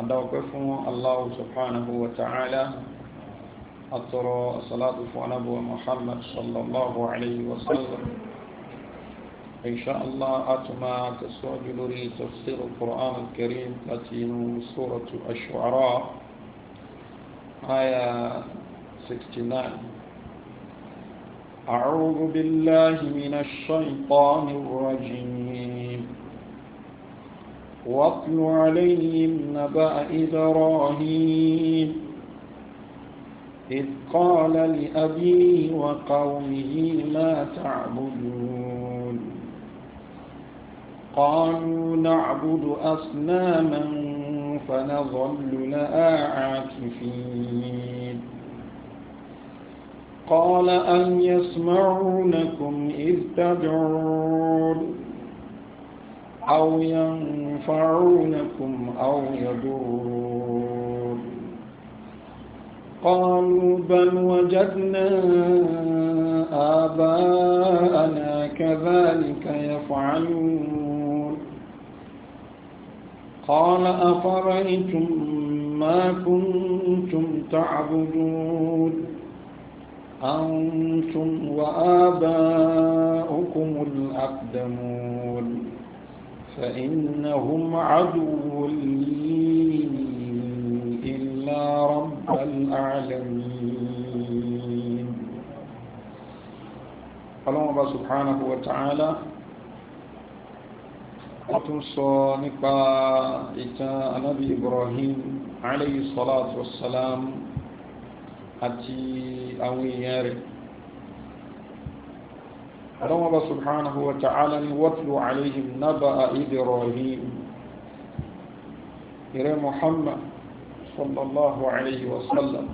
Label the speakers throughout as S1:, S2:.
S1: adáwọ̀pẹ́ fún Allahu subhanahu wa ta'ala àtọ̀rọ̀ salatu fún anábọ̀ Muhammad sallallahu alayhi wa sallam insha Allah atuma tẹ̀síwájú lórí tafsir al-Qur'an al-Karim láti inú suratu ash-Shu'ara aya 69 أعوذ بالله من الشيطان الرجيم واتل عليهم نبأ إبراهيم إذ قال لأبيه وقومه ما تعبدون قالوا نعبد أصناما فنظل لها عاكفين قال أن يسمعونكم إذ تدعون أو ينفعونكم أو يضرون قالوا بل وجدنا آباءنا كذلك يفعلون قال أفرأيتم ما كنتم تعبدون أنتم وآباؤكم الأقدمون فإنهم عدو لي إلا رب العالمين قال الله سبحانه وتعالى أتصانق إتاء نبي إبراهيم عليه الصلاة والسلام أتي يارب ọlọ́wọ́n bá subhanahu wa ta'ala ni watlu alayhim naba'a Ibrahim ìrẹ́ Muhammad sallallahu alayhi wa sallam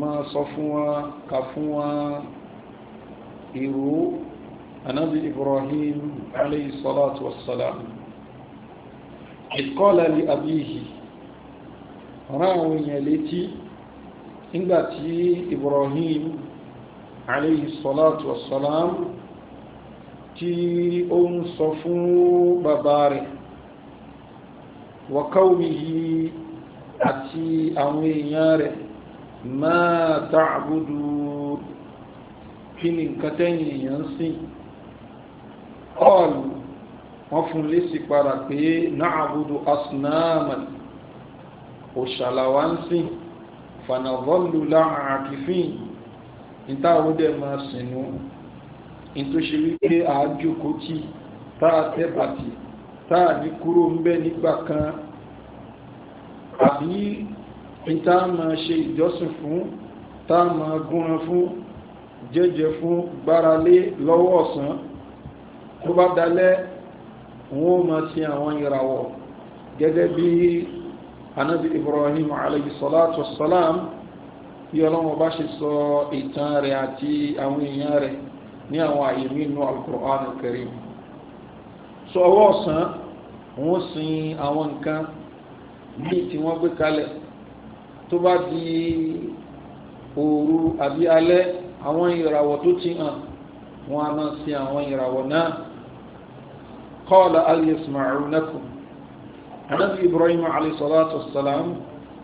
S1: máa sọ fún wa kà fún wa ìró anabi Ibrahim alayhi salatu wa salam ìkọ́lá li abiyihi ọ̀rọ̀ àwọn èèyàn létí nígbà tí Ibrahim alayhi salatu wassalam tí ó ń sọ fún bàbá rẹ̀ wa qawmihi àti àwọn èèyàn rẹ̀ ma ta'budu kí ni nǹkan tẹ́yìn èèyàn sìn ọ̀lù wọ́n fún lésì padà pé na'budu asnaman òṣàlàwánsìn fanadhallu laha akifin níta ó dẹ̀ máa sìnú nítorí ṣe wípé àájòkó tí tá a tẹ́ bàtì tá a ní kúrò ń bẹ́ nígbà kan àbí níta máa ṣe ìjọsìn fún tá a máa gúnran fún jẹ́jẹ́ fún gbáralé lọ́wọ́ ọ̀sán tó bá dalẹ́ wọn ó máa sin àwọn ìràwọ̀ anabi Ibrahim alayhi salatu wa salam bí ọlọ́run bá ṣe sọ ìtàn rẹ̀ àti àwọn èèyàn rẹ̀ ní àwọn àyè nínú alukur'an karim sọ ọwọ́ ọ̀sán wọ́n sin àwọn nǹkan bíi tí wọ́n gbé kalẹ̀ tó bá di òru àbí alẹ́ àwọn ìràwọ̀ tó ti hàn wọ́n á máa sin àwọn ìràwọ̀ náà qala al yasma'unakum anabi ibrahim alayhi salatu wa salam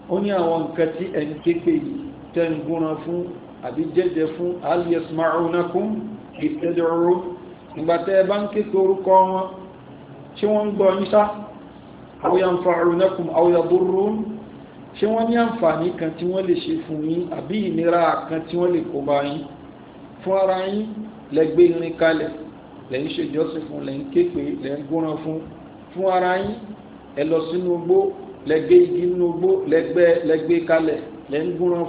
S1: ó ní àwọn nǹkan tí ẹni kéèké yìí tẹ́ ń gúnran fún àbí jẹ́jẹ́ fún aliyasma'unakum ìtẹ́dọ̀rọ̀ ìgbàtẹ́ bá ń kéèké orúkọ wọn tí wọ́n ń gbọ́ níta àwòyànfà'unakum àwòyàbúrún ṣé wọ́n ní àǹfààní kan tí wọ́n lè ṣe fún yín àbí ìnira kan tí wọ́n lè kó bá yín fún ara yín lẹ́gbẹ́ irin kalẹ̀ lẹ́yìn ṣèjọ́sìn fún lẹ́yìn kéèké lẹ́yìn gúnran fún fún ara yín ẹ lọ sínú gbó lẹ́gbẹ́ igi nínú igbó lẹ́gbẹ́ lẹ́gbẹ́ kalẹ̀ fún lẹ́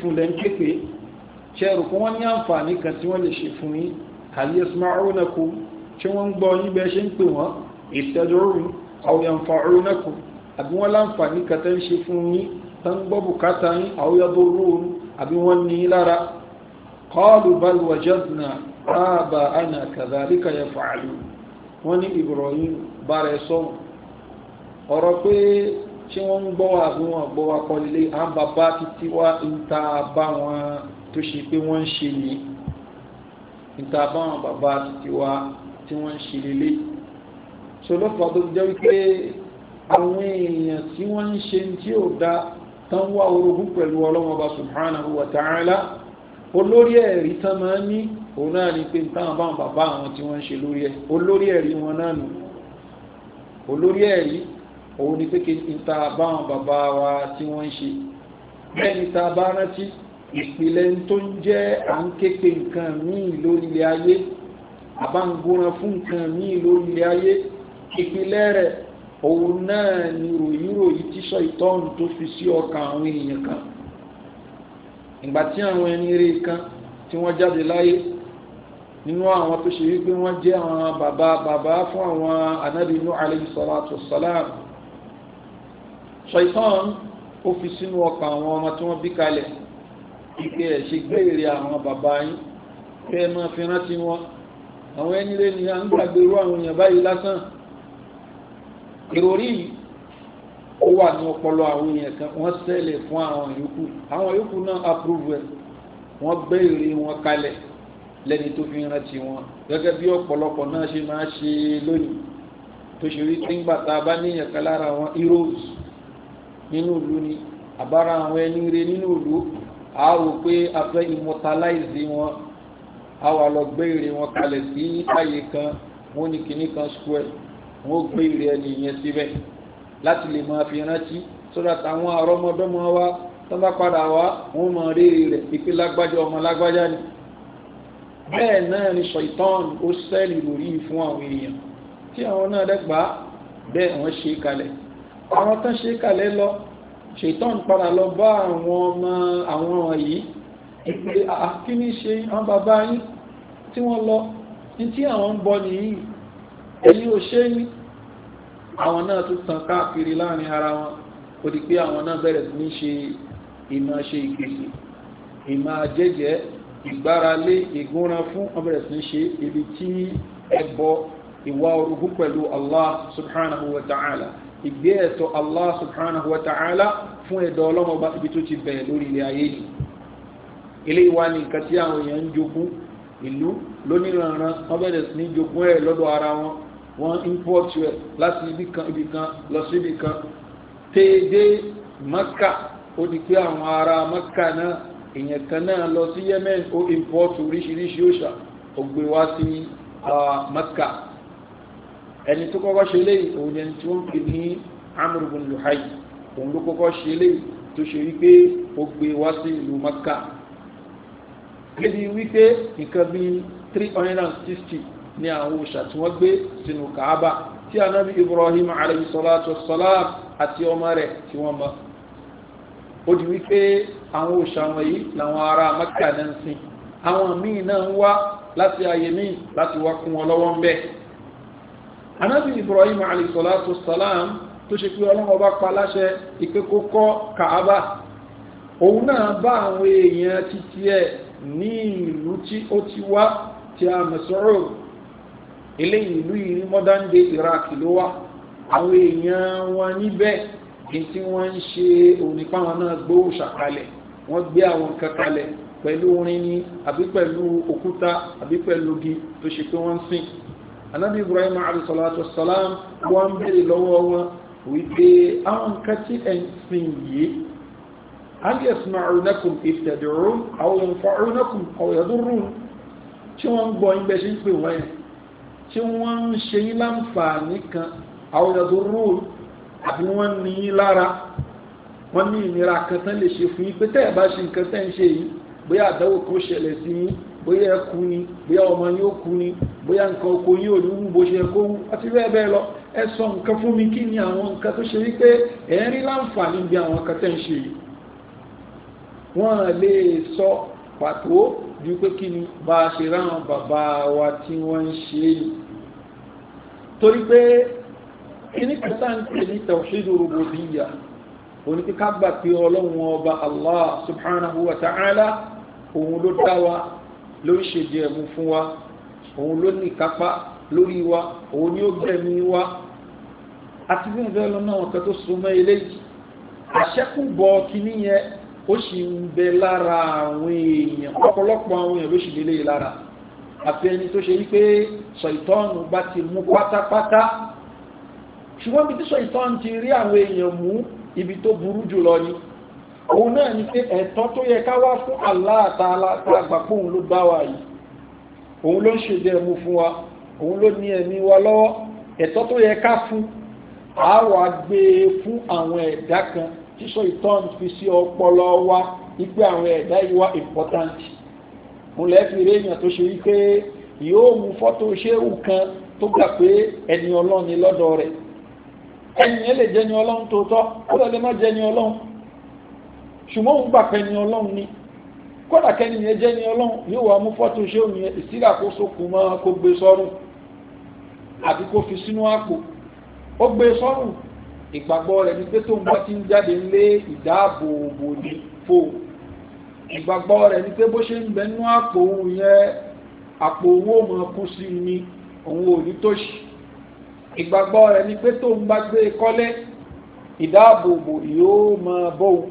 S1: fún lẹ́ ń pèpè ṣẹ́rù ní àǹfààní kan tí wọ́n lè ṣe fún yín àlẹ́ smarúnàkù tí wọ́n ń gbọ́ yín bẹ́ẹ̀ ṣe ń pè wọ́n ìtẹ́dọ́rùn àwòyànfààrúnàkù àbí wọ́n láǹfààní kan tẹ́ ń ṣe fún yín tán ń gbọ́ bùkátà yín àwòyàdọ́rùn àbí wọ́n ní lára kọ́ọ̀lù balùwàjẹ́dùnà ààbà àná kàdàríkà yẹ fàálù wọ́n ní Ibrahim bára ẹ̀ sọ́wọ́ ọ̀rọ̀ pé ṣé wọ́n ń gbọ́ wa àbí wọ́n gbọ́ wa kọ́ lílé à ń bàbá títí wá níta bá wọn tó ṣe pé wọ́n ń ṣe ní níta bá wọn bàbá títí wá tí wọ́n ń ṣe lílé ṣolọ́pàá tó jẹ́ wípé àwọn èèyàn tí wọ́n ń ṣe tí ò dá tán wá orogún pẹ̀lú ọlọ́mọba subhanahu wa ta'ala olórí ẹ̀rí tán máa ní òun náà ni pé táwọn báwọn bàbá àwọn tí wọ́n ń ṣe lórí ẹ̀ olórí ẹ̀rí wọn náà nù olórí ẹ̀rí òun ni pé kí n ta báwọn bàbá wa tí wọ́n ń ṣe bẹ́ẹ̀ ni ta bá rántí ìpìlẹ̀ tó ń jẹ́ à ń képe nǹkan míì lórílẹ̀ ayé àbáǹgbóran fún nǹkan míì lórílẹ̀ ayé ìpìlẹ̀ rẹ̀ òun náà ni ròyìnròyìn tíṣọ ìtọ́nù tó fi sí ọkàn àwọn èèyàn kan ìgbà tí àwọn ẹni rí kan tí wọ́n jáde láyé nínú àwọn tó ṣe wípé wọ́n jẹ́ àwọn bàbá bàbá fún àwọn anábìínú alayhi salatu wassalam ṣàìsàn ó fi sínú ọkàn àwọn ọmọ tí wọ́n bí kalẹ̀ ike ẹ̀ ṣe gbé èrè àwọn bàbá yín kẹ́ ẹ máa fi rántí wọn àwọn ẹni lé ní à ń gbàgbé irú àwọn èèyàn báyìí lásán ìròrí ó wà ní ọpọlọ àwọn èèyàn kan wọ́n sẹ́lẹ̀ fún àwọn yòókù àwọn yòókù náà approve ẹ̀ wọ́n gbé èrè wọn kalẹ̀ lẹ́ni tó fi rántí wọn gẹ́gẹ́ bí ọ̀pọ̀lọpọ̀ náà ṣe máa ṣe lónìí tó ṣe wí pé ńgbà tá a bá níyàn kan lára àwọn heroes nínú ìlú ni àbára àwọn ẹni rẹ nínú ìlú a rò pé a fẹ́ immortalize wọn a wà lọ gbé ère wọn kalẹ̀ sí àyè kan wọn ní kinní kan square wọn ó gbé ère ẹni yẹn síbẹ̀ láti lè máa fi rántí sọ́dọ̀ àtàwọn àrọ́mọdọ́mọ wa tó bá padà wá wọn mọ rírì rẹ̀ pípé lágbájá ọmọ lágbájá ni bẹ́ẹ̀ náà ni ṣọ̀ìtàn ó sẹ́ẹ̀lì lórí fún àwọn èèyàn tí àwọn náà dẹ́gbàá bẹ́ẹ̀ wọ́n ṣe kalẹ̀ àwọn tán ṣe kalẹ̀ lọ ṣètọ́n padà lọ bá àwọn ọmọ àwọn yìí ìpè àkíní ṣe àwọn bàbá yín tí wọ́n lọ ní tí àwọn ń bọ nìyí ẹ̀yin ò ṣe ní àwọn náà tún tàn káàkiri láàrin ara wọn kò di pé àwọn náà bẹ̀rẹ̀ sí ní ṣe ìmọ̀ ṣe ìgbèsè ìmọ̀ àjẹjẹ ìgbáralé ìgúnran fún wọn sí ní ṣe ibi tí ẹbọ ìwà orogún pẹ̀lú Allah subhanahu wa ta'ala ìgbé ẹ̀tọ́ Allah subhanahu wa ta'ala fún ẹ̀dọ́ ọlọ́mọba ibi tó ti bẹ̀rẹ̀ lórí ilẹ̀ ayé yìí ilé ìwà ní nǹkan tí àwọn èèyàn ń jogún ìlú lóníranran wọ́n bẹ̀rẹ̀ sí ní jogún ẹ̀ lọ́dọ̀ ara wọn wọ́n import ẹ̀ láti ibì kan ibì kan lọ sí ibì kan téèdé Mẹ́kà ó di pé àwọn ará Mẹ́kà náà èèyàn kan náà lọ sí Yemen ó import oríṣiríṣi òṣà ó gbé wá sí ah, Mẹ́kà ẹni tó kọ́kọ́ ṣe léyìí òun ni tí wọ́n pè ní Amr ibn Luhay òun ló kọ́kọ́ ṣe léyìí tó ṣe wípé ó gbé wá sí ìlú Makka lédi wípé nǹkan bíi three hundred and sixty ni àwọn òòṣà tí wọ́n gbé sínú Kaaba tí anabi Ibrahim alayhi salatu àti ọmọ rẹ̀ tí wọ́n mọ̀ ó di wípé àwọn òòṣà wọ̀nyí làwọn ará Makka náà ń sìn àwọn míì náà ń wá láti ayé míì láti wá kún wọn lọ́wọ́ ń bẹ́ẹ̀ anábì ibrahim alayhisalatu salam tó ṣe pé ọlọ́run ọba pa láṣẹ ìpé kó kọ́ kàábà òun náà bá àwọn èèyàn títí ẹ̀ ní ìlú tí ó ti wá ti àmẹ́sọ́rọ̀ eléyìí ìlú yìí ní modern day iraq ló wá àwọn èèyàn wọn níbẹ̀ ní tí wọ́n ń ṣe onípáwọn náà gbówó ṣàkalẹ̀ wọ́n gbé àwọn kankalẹ̀ pẹ̀lú orin ni àbí pẹ̀lú òkúta àbí pẹ̀lú ogi tó ṣe pé wọ́n ń sìn anábì ibrahim alayhisalatu wasalam wọ́n bèèrè lọ́wọ́ wọn wípé àwọn nǹkan tí ẹ̀ ń sìn yìí hal yasma'unakum iftad'un aw yanfa'unakum aw yadurrun tí wọ́n ń gbọ́ ìgbẹ́ ṣe ń pè wọ́n yẹn tí wọ́n ń ṣe yín láǹfààní kan aw yadurrun àbí wọ́n ní yín lára wọ́n ní ìnira kan tán lè ṣe fún yín pé tẹ́ ẹ̀ bá ṣe nǹkan tẹ́ ń ṣe yìí bóyá àdáwò kan ṣẹlẹ̀ sí yín bóyá ẹ kú ni bóyá ọmọ yín ó kú ni bóyá nǹkan oko yín ò ní wú bó ṣe kó wú àti bẹ́ẹ̀ bẹ́ẹ̀ lọ ẹ sọ nǹkan fún mi kí ni àwọn nǹkan tó ṣe wípé ẹ̀ ń rí láǹfààní bí àwọn nǹkan tẹ́ ń ṣe yìí wọ́n lè sọ pàtó ju pé kí ni bá a ṣe ráhùn bàbá wa tí wọ́n ń ṣe yìí torí pé kíní kẹta ń pè ní tawhidu rububiyya oníkíkà gbà pé ọlọ́run ọba Allah subhanahu wa ta'ala òun ló dá wa ló ń ṣe jẹ ẹ̀mú fún wa òun ló ní ìkápá lórí wa òun ni ó gbẹ̀mí wa àti bí nǹkan lọ náà kan tó so mọ́ eléyìí àṣẹ́kùbọ̀ kínní yẹn ó sì ń bẹ lára àwọn èèyàn ọ̀pọ̀lọpọ̀ àwọn èèyàn ló sì lélẹ̀ lára àfi ẹni tó ṣe wípé ṣàìtọ́nù bá ti mú pátápátá ṣùgbọ́n bí tí ṣàìtọ́nù ti rí àwọn èèyàn mú ibi tó burú jù lọ ni òun náà ni pé ẹ̀tọ́ tó yẹ ká wá fún aláàtàlá àgbàpọ̀ òun ló dá wa yìí òun ló ń ṣèdẹ̀mú fún wa òun ló ní ẹ̀mí wa lọ́wọ́ ẹ̀tọ́ tó yẹ ká fún a wá e fún àwọn ẹ̀dá kan tíṣọ ìtọ́n fi sí ọpọlọ wa wípé àwọn ẹ̀dá yìí wá important òun lẹ́ẹ̀fi rí èèyàn tó ṣe wípé yóò mú fọ́tò ṣéwù kan tó gbà pé ẹni ọlọ́run ni lọ́dọ̀ rẹ̀ ẹni yẹn lè jẹ́ ni ọlọ́run tó tọ́ ó lọ́ọ́ lè má jẹ́ ni ọlọ́run ṣùgbọ́n òun gbà pẹ́ ni ọlọ́run ni kódà kẹ́ni yẹn jẹ́ ni ọlọ́run yóò wá mú fọ́tò ṣé òun yẹn ìsílà kó sókun mọ́ kó gbé sọ́rùn àbí kó fi sínú àpò ó gbé sọ́rùn ìgbàgbọ́ rẹ̀ ni pé tóun bá ti ń jáde lé ìdáàbòbò ní fóun ìgbàgbọ́ rẹ̀ ni pé bó ṣe ń bẹnú àpò òun yẹn àpò owó mọ̀ kú sí ni òun ò ní tòṣì ìgbàgbọ́ rẹ̀ ni pé tóun bá gbé kọ́lé ìdáàbòbò yóò mọ bóun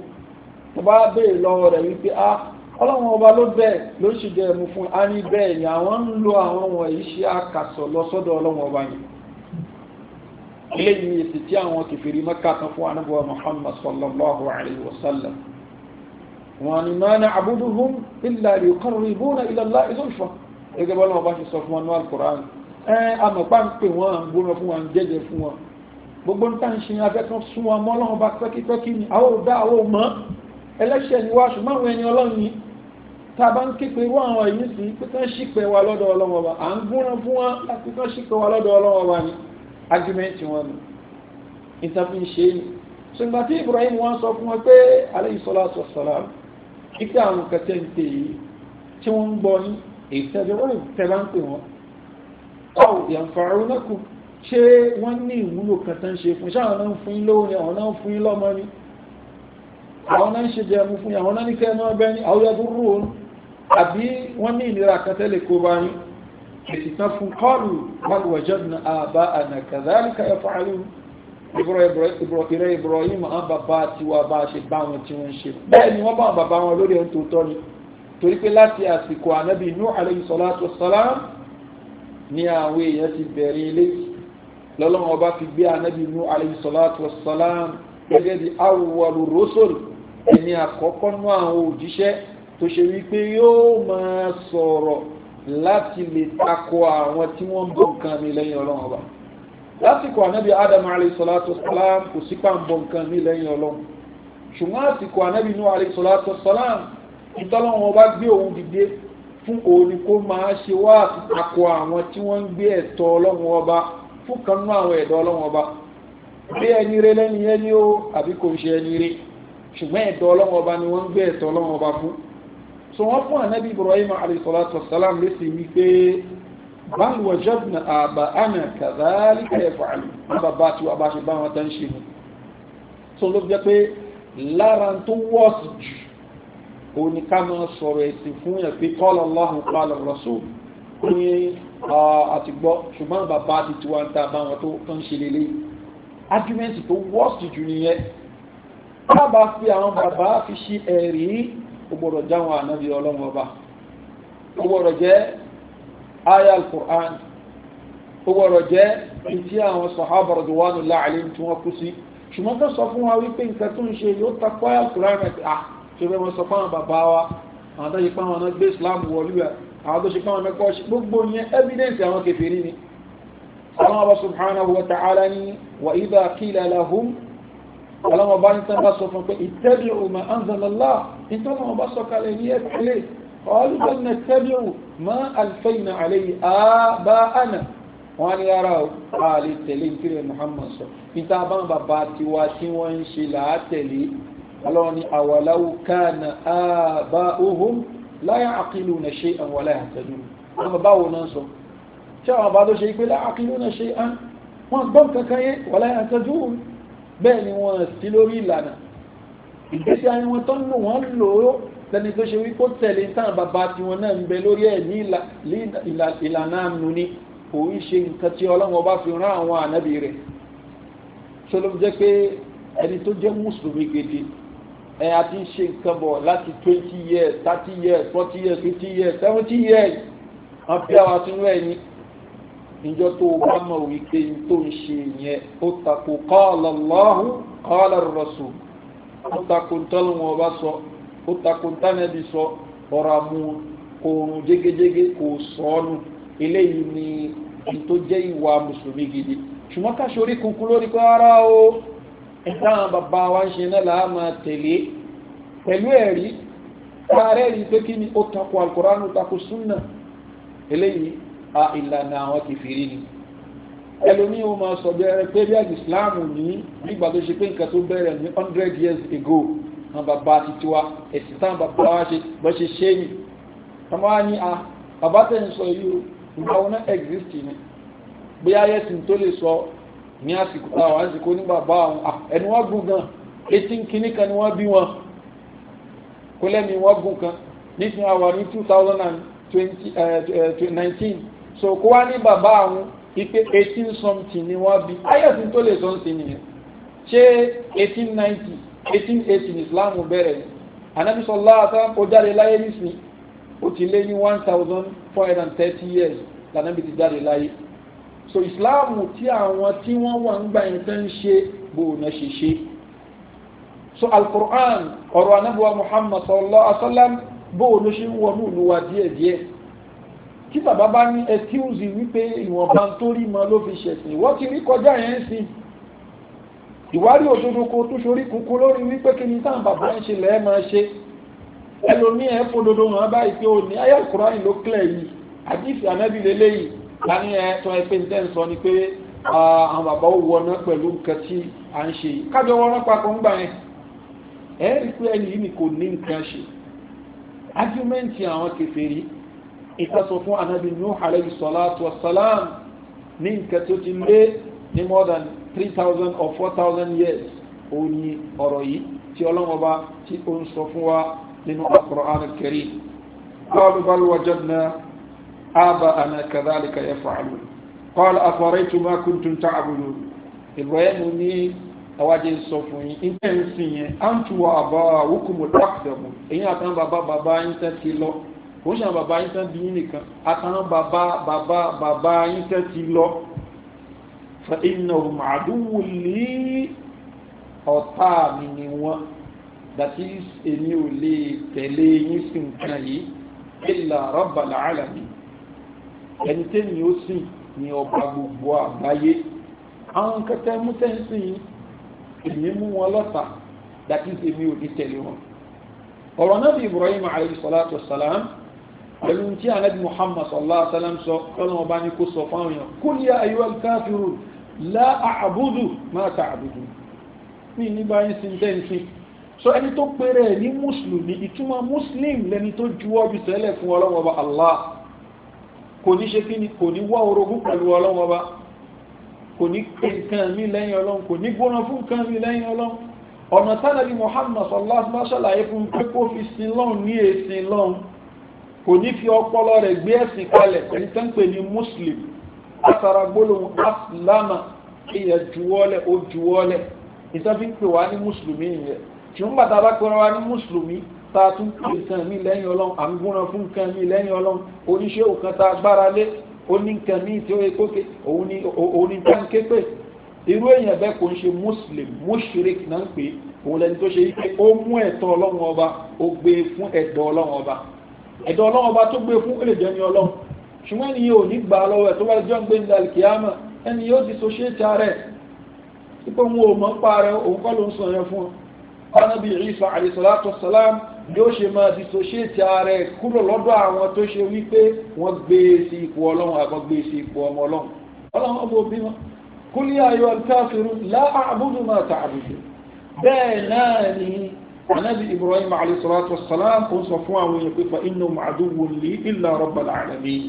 S1: tó bá béèrè lọ́wọ́ rẹ̀ wípé a ah, ọlọ́run ọba ló bẹ́ẹ̀ ló sì jẹ́ ẹ̀mú fún a ní bẹ́ẹ̀ ni àwọn ń lo àwọn wọ̀nyí ṣe àkàsọ̀ lọ sọ́dọ̀ ọlọ́run ọba yìí eléyìí èsì tí àwọn kẹfìrí mẹ́ka kan fún anábọ̀ Muhammad sallallahu alayhi wa sallam wọn ni máa na abuduhum illa yuqarribuna ila Allahi zulfa gẹ́gẹ́ bọ́lá wọn bá sọ fún wọn ní alukur'an ẹ amọ̀pá ń pè wọ́n gbóná fún wọn jẹ́jẹ́ fún wọn gbogbo nǹkan ṣe afẹ́kan sún wọn mọ́ lọ́wọ́ pẹ́kípẹ́kí ni àwọn ò dá àwọn ò mọ́ ẹlẹ́ṣẹ̀ ni wá ṣùgbọ́n àwọn ẹni ọlọ́run yìí tá a bá ń képe irú àwọn ẹ̀yìn sí pé kán ṣìpẹ̀ wa lọ́dọ̀ ọlọ́run ọba à ń gúnran fún wọn láti kán ṣìpẹ̀ wa lọ́dọ̀ ọlọ́run ọba ni argument wọn ni ìtàfin ṣe ni ṣùgbọ́n tí Ibrahim wọn sọ fún wọn pé alayhi salatu wassalam ike àwọn kẹtẹ́ ń pè yìí tí wọ́n ń gbọ́ ní èyí tẹ́lẹ̀ wọ́n lè tẹ́ bá ń pè wọ́n báwo yanfa'unakum ṣé wọ́n ní ìwúlò kan tán ṣe fún ṣáà náà fún yín lówó ni àwọn náà ń fún yín lọ́mọ ni àwọn náà ń ṣe jẹmu fún yà àwọn náà ní kẹ́ ẹ̀nà ọbẹ̀ ní àwọn ẹ̀dùn rú òun àbí wọ́n ní ìnira kan tẹ́lẹ̀ kó bá yín èsì tán fún kọ́ọ̀lù wàlúwàjọ́ na àbá àna kàdáríkà ẹ̀fọ́ àlùm ìrẹ́ Ibrahim àwọn bàbá tiwa bá ṣe bá wọn tí wọ́n ṣe bẹ́ẹ̀ ni wọ́n bá wọn bàbá wọn lórí ẹ̀ tó tọ́ ni torí pé láti àsìkò ànábì Nuh alayhi salatu wassalam ní àwọn èèyàn ti bẹ̀rẹ̀ ilé lọ́lọ́wọ́n ọba fi gbé ànábì Nuh alayhi salatu wassalam gẹ́gẹ́ bí awwalu rusul ẹni àkọ́kọ́ nú àwọn òjíṣẹ́ tó ṣe wípé yóò máa sọ̀rọ̀ láti lè takò àwọn tí wọ́n ń bọ nǹkan mi lẹ́yìn ọlọ́run ọba lásìkò ànábì adam alayhisalatu salam kò sí pa ń bọ nǹkan mi lẹ́yìn ọlọ́run ṣùgbọ́n àsìkò ànábì inú alayhisalatu salam ìtọ́lọ́run ọba gbé òun dìde fún òun ni kó máa ṣe wá àtakò àwọn tí wọ́n ń gbé ẹ̀tọ́ ọlọ́run ọba fún kan nú àwọn ẹ̀dọ́ ọlọ́run ọba bí ẹni rẹ lẹ́ni ẹni ó àbí kò ń ṣe ẹni rẹ ṣùgbọ́n ẹ̀tọ́ ọlọ́run ọba ni wọ́n ń gbé ẹ̀tọ́ ọlọ́run ọba fún so wọ́n fún anabi ibrahim alayhisalatu wasalam lẹ́sì wípé báwo wajadna àbá àmì kadhalika yaf'alu wọn bá bá tiwa bá ṣe bá wọn tán ṣe mu so ló jẹ́ pé lára tó wọ́ọ̀sì jù òun sọ̀rọ̀ ẹ̀sìn fún yẹn pé qala Allahu qala rasul ní àtìgbọ́ ṣùgbọ́n bàbá àti tiwa ń bá wọn tó ń ṣe lélẹ́yìn bàbá fi àwọn bàbá fi ṣe ẹ̀rí ó gbọ́dọ̀ jáwọn ànábì ọlọ́run ọba ó gbọ́dọ̀ jẹ́ aya al-Qur'an ó gbọ́dọ̀ jẹ́ ìtí àwọn sàhábà radwanullahi alayhim tí wọ́n kú sí ṣùgbọ́n tó sọ fún wa wípé nǹkan tó ń ṣe yóò takọ aya al-Qur'an àti à ṣe fẹ́ wọn sọ fún àwọn bàbá wa àwọn tó ṣe pé àwọn gbé Islam wọlú ẹ̀ àwọn tó ṣe pé àwọn náà kọ́ gbogbo yẹn evidence àwọn kèfèrí ni Allah subhanahu wa ta'ala ni wa idha qila lahum ọlọ́wọ́ bá ní tán bá sọ fún pé ìtẹ́bí ma anzalallá nítorí wọn bá sọ kalẹ̀ ní ẹ̀kẹ́lẹ̀ ọlọ́gbọ́n na tẹ́bí ma alfẹ́yìn àlẹ́yìn àbá àná wọn ni ara àlè tẹ̀lé ìkírẹ̀ muhammad sọ níta bá ń bàbá tiwa tí wọ́n ń ṣe làátẹ̀lé ọlọ́wọ́ ni àwàláwù kánà àbá ohun láyà àkìlù na ṣe àwọn láyà tẹ̀lé bẹ́ẹ̀ ni wọ́n sí lórí ìlànà ìgbésí ayé wọn tó ń lò wọ́n lò ó lẹ́ni tó ṣe wípé ó tẹ̀lé táwọn bàbá tiwọn náà ń bẹ lórí ẹ̀ ní ìlànà àánú ni kò ń ṣe nǹkan tí ọlọ́run ọba fi rán àwọn ànábì rẹ̀ ṣó ló jẹ́ pé ẹni tó jẹ́ mùsùlùmí gidi ẹ a ti ń ṣe nǹkan bọ̀ láti twenty years thirty years forty years fifty years seventy years wọ́n bí àwọn àtúnwẹ̀ ni níjọ́ tó o bá mọ̀ wípé tó ń ṣe yẹn ó tako qala Allahu qala rasul ó tako ntọ́lùwọ̀n ọba sọ ó tako ntánẹ́bí sọ ọ̀rọ̀ àmú oorun jégéjégé kò sọ́ọ́nù eléyìí ni ẹni tó jẹ́ ìwà mùsùlùmí gidi ṣùgbọ́n ká ṣorí kunkun lórí pé ara o ìtàn bàbá wa ń ṣe náà làá máa tẹ̀lé pẹ̀lú ẹ̀rí káàrẹ́rì pé kí ni ó tako alukóránù tako súnà a ìlànà àwọn kìfìrí ni ẹlòmíì ó máa sọ bẹ́ẹ̀ pé bí àti islam ní nígbà tó ṣe pé nǹkan tó bẹ̀rẹ̀ ní hundred years ago àwọn bàbá ti tiwa ẹ̀sìn táwọn bàbá wa ṣe bọ́ ṣe ṣe ni wọ́n wá ní a bàbá tẹ̀ ń sọ yìí o ìgbà wọn náà exist ni bóyá yẹ́sìn tó lè sọ ní àsìkò táwọn àsìkò ní bàbá àwọn ẹni wọ́n gùn gan etí kìíní kan ni wọ́n bí wọn kó lẹ́ni wọ́n gùn kan nísìnyí àwọn ní two thousand and twenty eh, eh, nineteen so kó wá ní bàbá àwọn ipe eighteen something ni wọ́n bí ayọ̀sí tó lè sọ ń sin nìyẹn ṣé eighteen ninety eighteen eighty islam bẹ̀rẹ̀ ni anabi sọlá àtàwọn ó jáde láyé nísìn ó ti lé ní one thousand four hundred and thirty years lànàbí ti jáde láyé so islam tí àwọn tí wọ́n wà ń gbà yẹn tó ń ṣe gbòòna ṣe ṣe so alukur'an ọ̀rọ̀ anabiwa muhammad sallallahu alaihi wa sallam bóòlù ṣe ń wọnú ìlú wa díẹ̀díẹ̀ tí bàbá bá ní excuse wípé ìwọ̀nba tó rí mọ ló fi ṣẹ̀sìn ìwọ́n ti rí kọjá yẹn sí ìwárí òdodo kò tó sorí kúkú lórí wípé kí ni táwọn bàbá ń ṣe lẹ́ẹ̀ máa ṣe ẹlòmíì ẹ̀ fòdodo hàn báyìí pé òní ayé kùránì ló kílẹ̀ yìí àdìsí anábì lélẹ́yìí láni ẹ̀ tó ẹ pé ní ń sọ ni pé àwọn bàbá ó wọná pẹ̀lú nǹkan tí à ń ṣe kájọ wọná papọ̀ ń gbà yẹn ẹ̀ rí pé ẹni yìí ni kò ní nǹkan ṣe ájúmẹ́ǹtì àwọn kèfèrí ìkàsọ̀ fún anabi nuh alayhi salatu wa salam ní nǹkan tó ti lé ní more than three thousand or four thousand years ó ní ọ̀rọ̀ yìí tí ọlọ́run ọba tí ó ń sọ fún wa nínú al-Qur'an al-Karim qalu bal wajadna aba'ana kadhalika yaf'alun qala afaraytum ma kuntum ta'budun Ibrahim ní àwájẹ́ sọ fún yín ní ń sìn yẹn antu wa aba'ukumul aqdamun èyí àtàwọn bàbá bàbá yín tẹ́ ti lọ kò ń ṣe àwọn bàbá yín tán bí yín nìkan àtàwọn bàbá bàbá bàbá yín tán ti lọ fa innahum aduwwu li ọ̀tá mi ni wọ́n that is èmi ò lè tẹ̀lé yín sí nǹkan yìí illa rabbal alamin ẹni tẹ́ni ó sìn ní ọba gbogbo àgbáyé àwọn kẹtẹ mú tẹ́ǹsì yìí èmi mú wọn lọ́ta that èmi ò lè tẹ̀lé wọn ọ̀rọ̀ náà bí Ibrahim alayhi salatu wa salam pẹ̀lú tí anabi muhammad sallallahu alaihi wa sallam sọ kọ́lọ́mọ bá ní kó sọ fáwọn èèyàn kul ya ayyuhal kafirun la a'budu ma ta'budu ní nígbà yín sí tẹ́ǹsì sọ ẹni tó péré ẹ̀ ní mùsùlùmí ìtumọ̀ muslim lẹni tó juwọ́ bí sẹ́lẹ̀ fún ọlọ́wọ́ bá allah kò ní ṣe kí ni kò ní wá orogún pẹ̀lú ọlọ́wọ́ bá kò ní pé nǹkan mi lẹ́yìn ọlọ́run kò ní gbóná fún nǹkan mi lẹ́yìn ọlọ́run ọ̀nà tánàbí muhammad sallallahu alaihi wa sallam fún pé kó fi sin lọ́run ní èsìn lọ́run kò ní fi ọpọlọ rẹ̀ gbé ẹ̀sìn kalẹ̀ ẹni tó ń pè ní muslim látara gbólóhùn aslama ìyẹn juwọ́lẹ̀ ó juwọ́lẹ̀ ìtọ́fi ń pè wá ní mùsùlùmí nìyẹn ṣùgbọ́n bàtà bá pẹ́ra wa ní mùsùlùmí ta tún pè nǹkan mi lẹ́yìn ọlọ́run àmúgbóná fún nǹkan mi lẹ́yìn ọlọ́run oníṣẹ́ òkan ta gbára lé oní nǹkan mi tí ó yẹ kókè òun ni táǹké pè irú èèyàn bẹ́ẹ̀ kò ń ṣe muslim mushrik náà ń pè òun lẹni tó ṣe yí pé ó mú ẹ̀tọ́ ọlọ́run ọba ó gbé e fún ẹ̀dọ́ ọlọ́run ọba ẹ̀dọ́ ọlọ́run ọba tó gbé fún ó lè jẹ́ ní ọlọ́run ṣùgbọ́n ẹni yóò ní gbà lọ́wọ́ ẹ̀ tó wá jọ́ ń gbé ní alikiyama ẹni yóò ti so ṣéètì ààrẹ ipò wọn ò mọ̀ ń pa rẹ òun kọ́ ló ń sọ̀rọ̀ fún ọ Ànábì Ìsá alayhi salatu wassalam yóò ṣe máa ti so ṣéètì ààrẹ kúrò lọ́dọ̀ àwọn tó ṣe wípé wọ́n gbé e sí ipò ọlọ́run anabi ibrahim alayhi salatu wa salam kò sọ fún àwọn èèyàn pé fa innahum aduwwun li illa rabbal alamin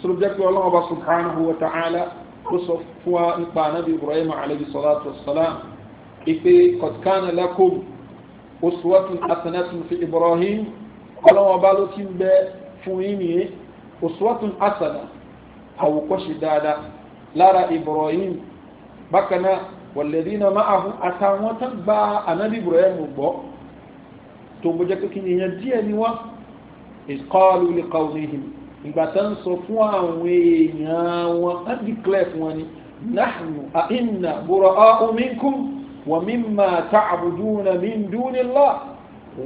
S1: sọ̀rọ̀ jẹ́ pé ọlọ́run ọba subhanahu wa ta'ala kò sọ fún wa nípa anabi ibrahim alayhi salatu wa salam ipe qad kana lakum uswatun hasanatun fi ibrahim ọlọ́run ọba ló ti bẹ fún yín nìyẹn uswatun hasana àwòkọ́ṣe dáadáa lára ibrahim bákan náà والذين معه أسامات با أنا إبراهيم بو تومبو جاكا كي نيجي أني وا إذ قالوا لقومهم إباتان صفوا ويا وأدي كلاف واني نحن أئنا براء منكم ومما تعبدون من دون الله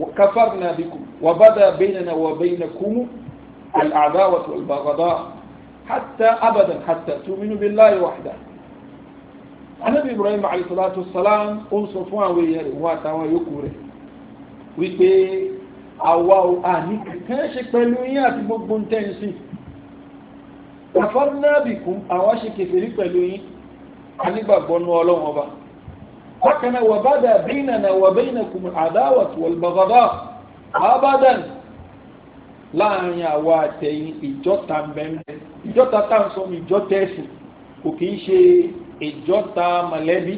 S1: وكفرنا بكم وبدا بيننا وبينكم العداوة والبغضاء حتى أبدا حتى تؤمنوا بالله وحده anabi ibrahim alayhisalatu salam ó ń sọ fún àwọn èèyàn rẹ̀ wọn àtàwọn yòókù rẹ̀ wípé àwa ò àní kankan ṣe pẹ̀lú yín àti gbogbo ń tẹ́ǹsì àfọ́nàbìkún àwa ṣe kèfèrí pẹ̀lú yín anígbàgbọ́nú ọlọ́run ọba bákan náà wàbádà bínàna wàbínàkùn àdáwàtú wàlbàbàbà àbádàn láàrin àwa àtẹ̀yìn ìjọta mbẹ́mbẹ́ ìjọta táǹsọ́ ìjọta ẹ̀sìn kò kì í ṣe ìjọta mọ̀lẹ́bí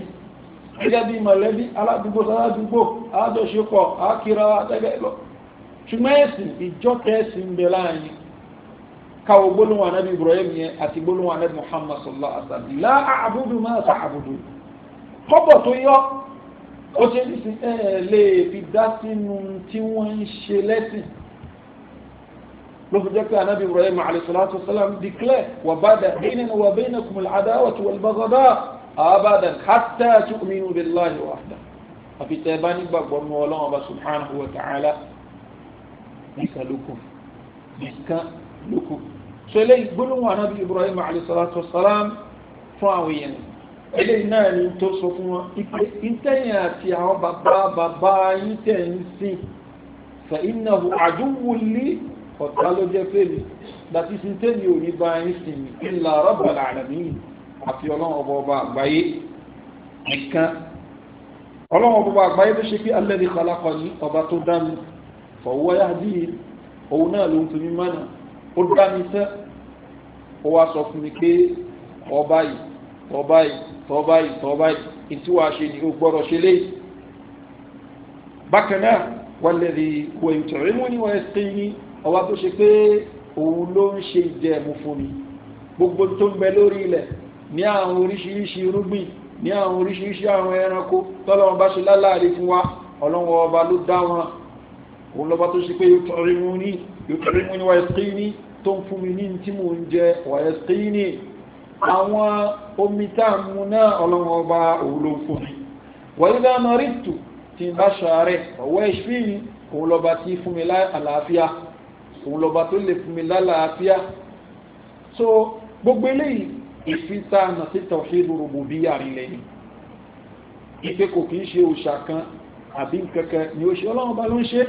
S1: gẹ́gẹ́ bí mọ̀lẹ́bí aládùúgbò aládùúgbò aládọ́ṣepọ̀ akíra tẹ́gẹ́ lọ ṣùgbọ́n ẹ̀sìn ìjọta ẹ̀sìn bẹ̀ láàyìn káwọ gbólóhùn anábì Ibrahim yẹn àti gbólóhùn anábì Muhammad sallallahu alaihi wa sallam la a'budu ma ta'budu kọ́bọ̀ tó yọ ó ṣe é lè fi dá sínú tí wọ́n ń ṣe lẹ́sìn ló fi jẹ́ pé anábì Ibrahim alayhi salatu wasalam declare wa bada baynana wa baynakum al-adawatu wal-baghdha abadan hatta tu'minu billahi wahda àfi tẹ́ bá nígbàgbọ́ nu ọlọ́run ọba subhanahu wa ta'ala nìkan lókun nìkan lókun ṣẹlẹ̀ ìgbónúwọ̀n anábì Ibrahim alayhi salatu wasalam fún àwọn èèyàn eléyìí náà ni tó sọ fún wọn ipe ìtẹ̀yìn àti àwọn bàbá bàbá yín tẹ̀ ń sìn fa innahu aduwwun li ọ̀tá ló jẹ́ fèmí dàtí sí tèmi ò ní bá ń sìn illa rabbal alamin àti ọlọ́run ọba ọba àgbáyé nìkan ọlọ́run ọba ọba àgbáyé ló ṣe pé alladhi khalaqani ọba tó dá mi fa huwa yahdin òun náà ló ń fi mí mánà ó dá mi tẹ́ ó wá sọ fún mi pé ọba yìí tọba yìí tọba yìí tọba yìí ìtí wàá ṣe ni o gbọ́dọ̀ ṣe lé bákan náà walladhi huwa yut'imuni wa yasqini ọwá tó ṣe pé òun ló ń ṣe ìjẹ̀mú fún mi gbogbo tó ń bẹ lórí ilẹ̀ ní àwọn oríṣiríṣi irúgbìn ní àwọn oríṣiríṣi àwọn ẹranko tọ́lọ́wọ́n bá ṣe láláàrí fún wa ọlọ́wọ́n ọba ló dá wọn òun lọ́ba tó ṣe pé yóò mú ní yóò tó ń fún mi ní tí mò ń jẹ wàyẹ̀sìkìní àwọn omi tá à ń náà ọlọ́wọ́n ọba òun ló fún mi wàyí bá mọ̀rìtù tí ń bá ṣàárẹ̀ ọ̀wọ́ ẹ̀ṣfíìní òun lọ́ba tó lè fún mi lálàáfíà so gbogbo eléyìí ìfita àna sí tawhid rububiyya rinlẹ̀ ni ìpè kò kì í ṣe òòṣà kan àbí nkankan ni ó ṣe ọlọ́run bá ló ń ṣe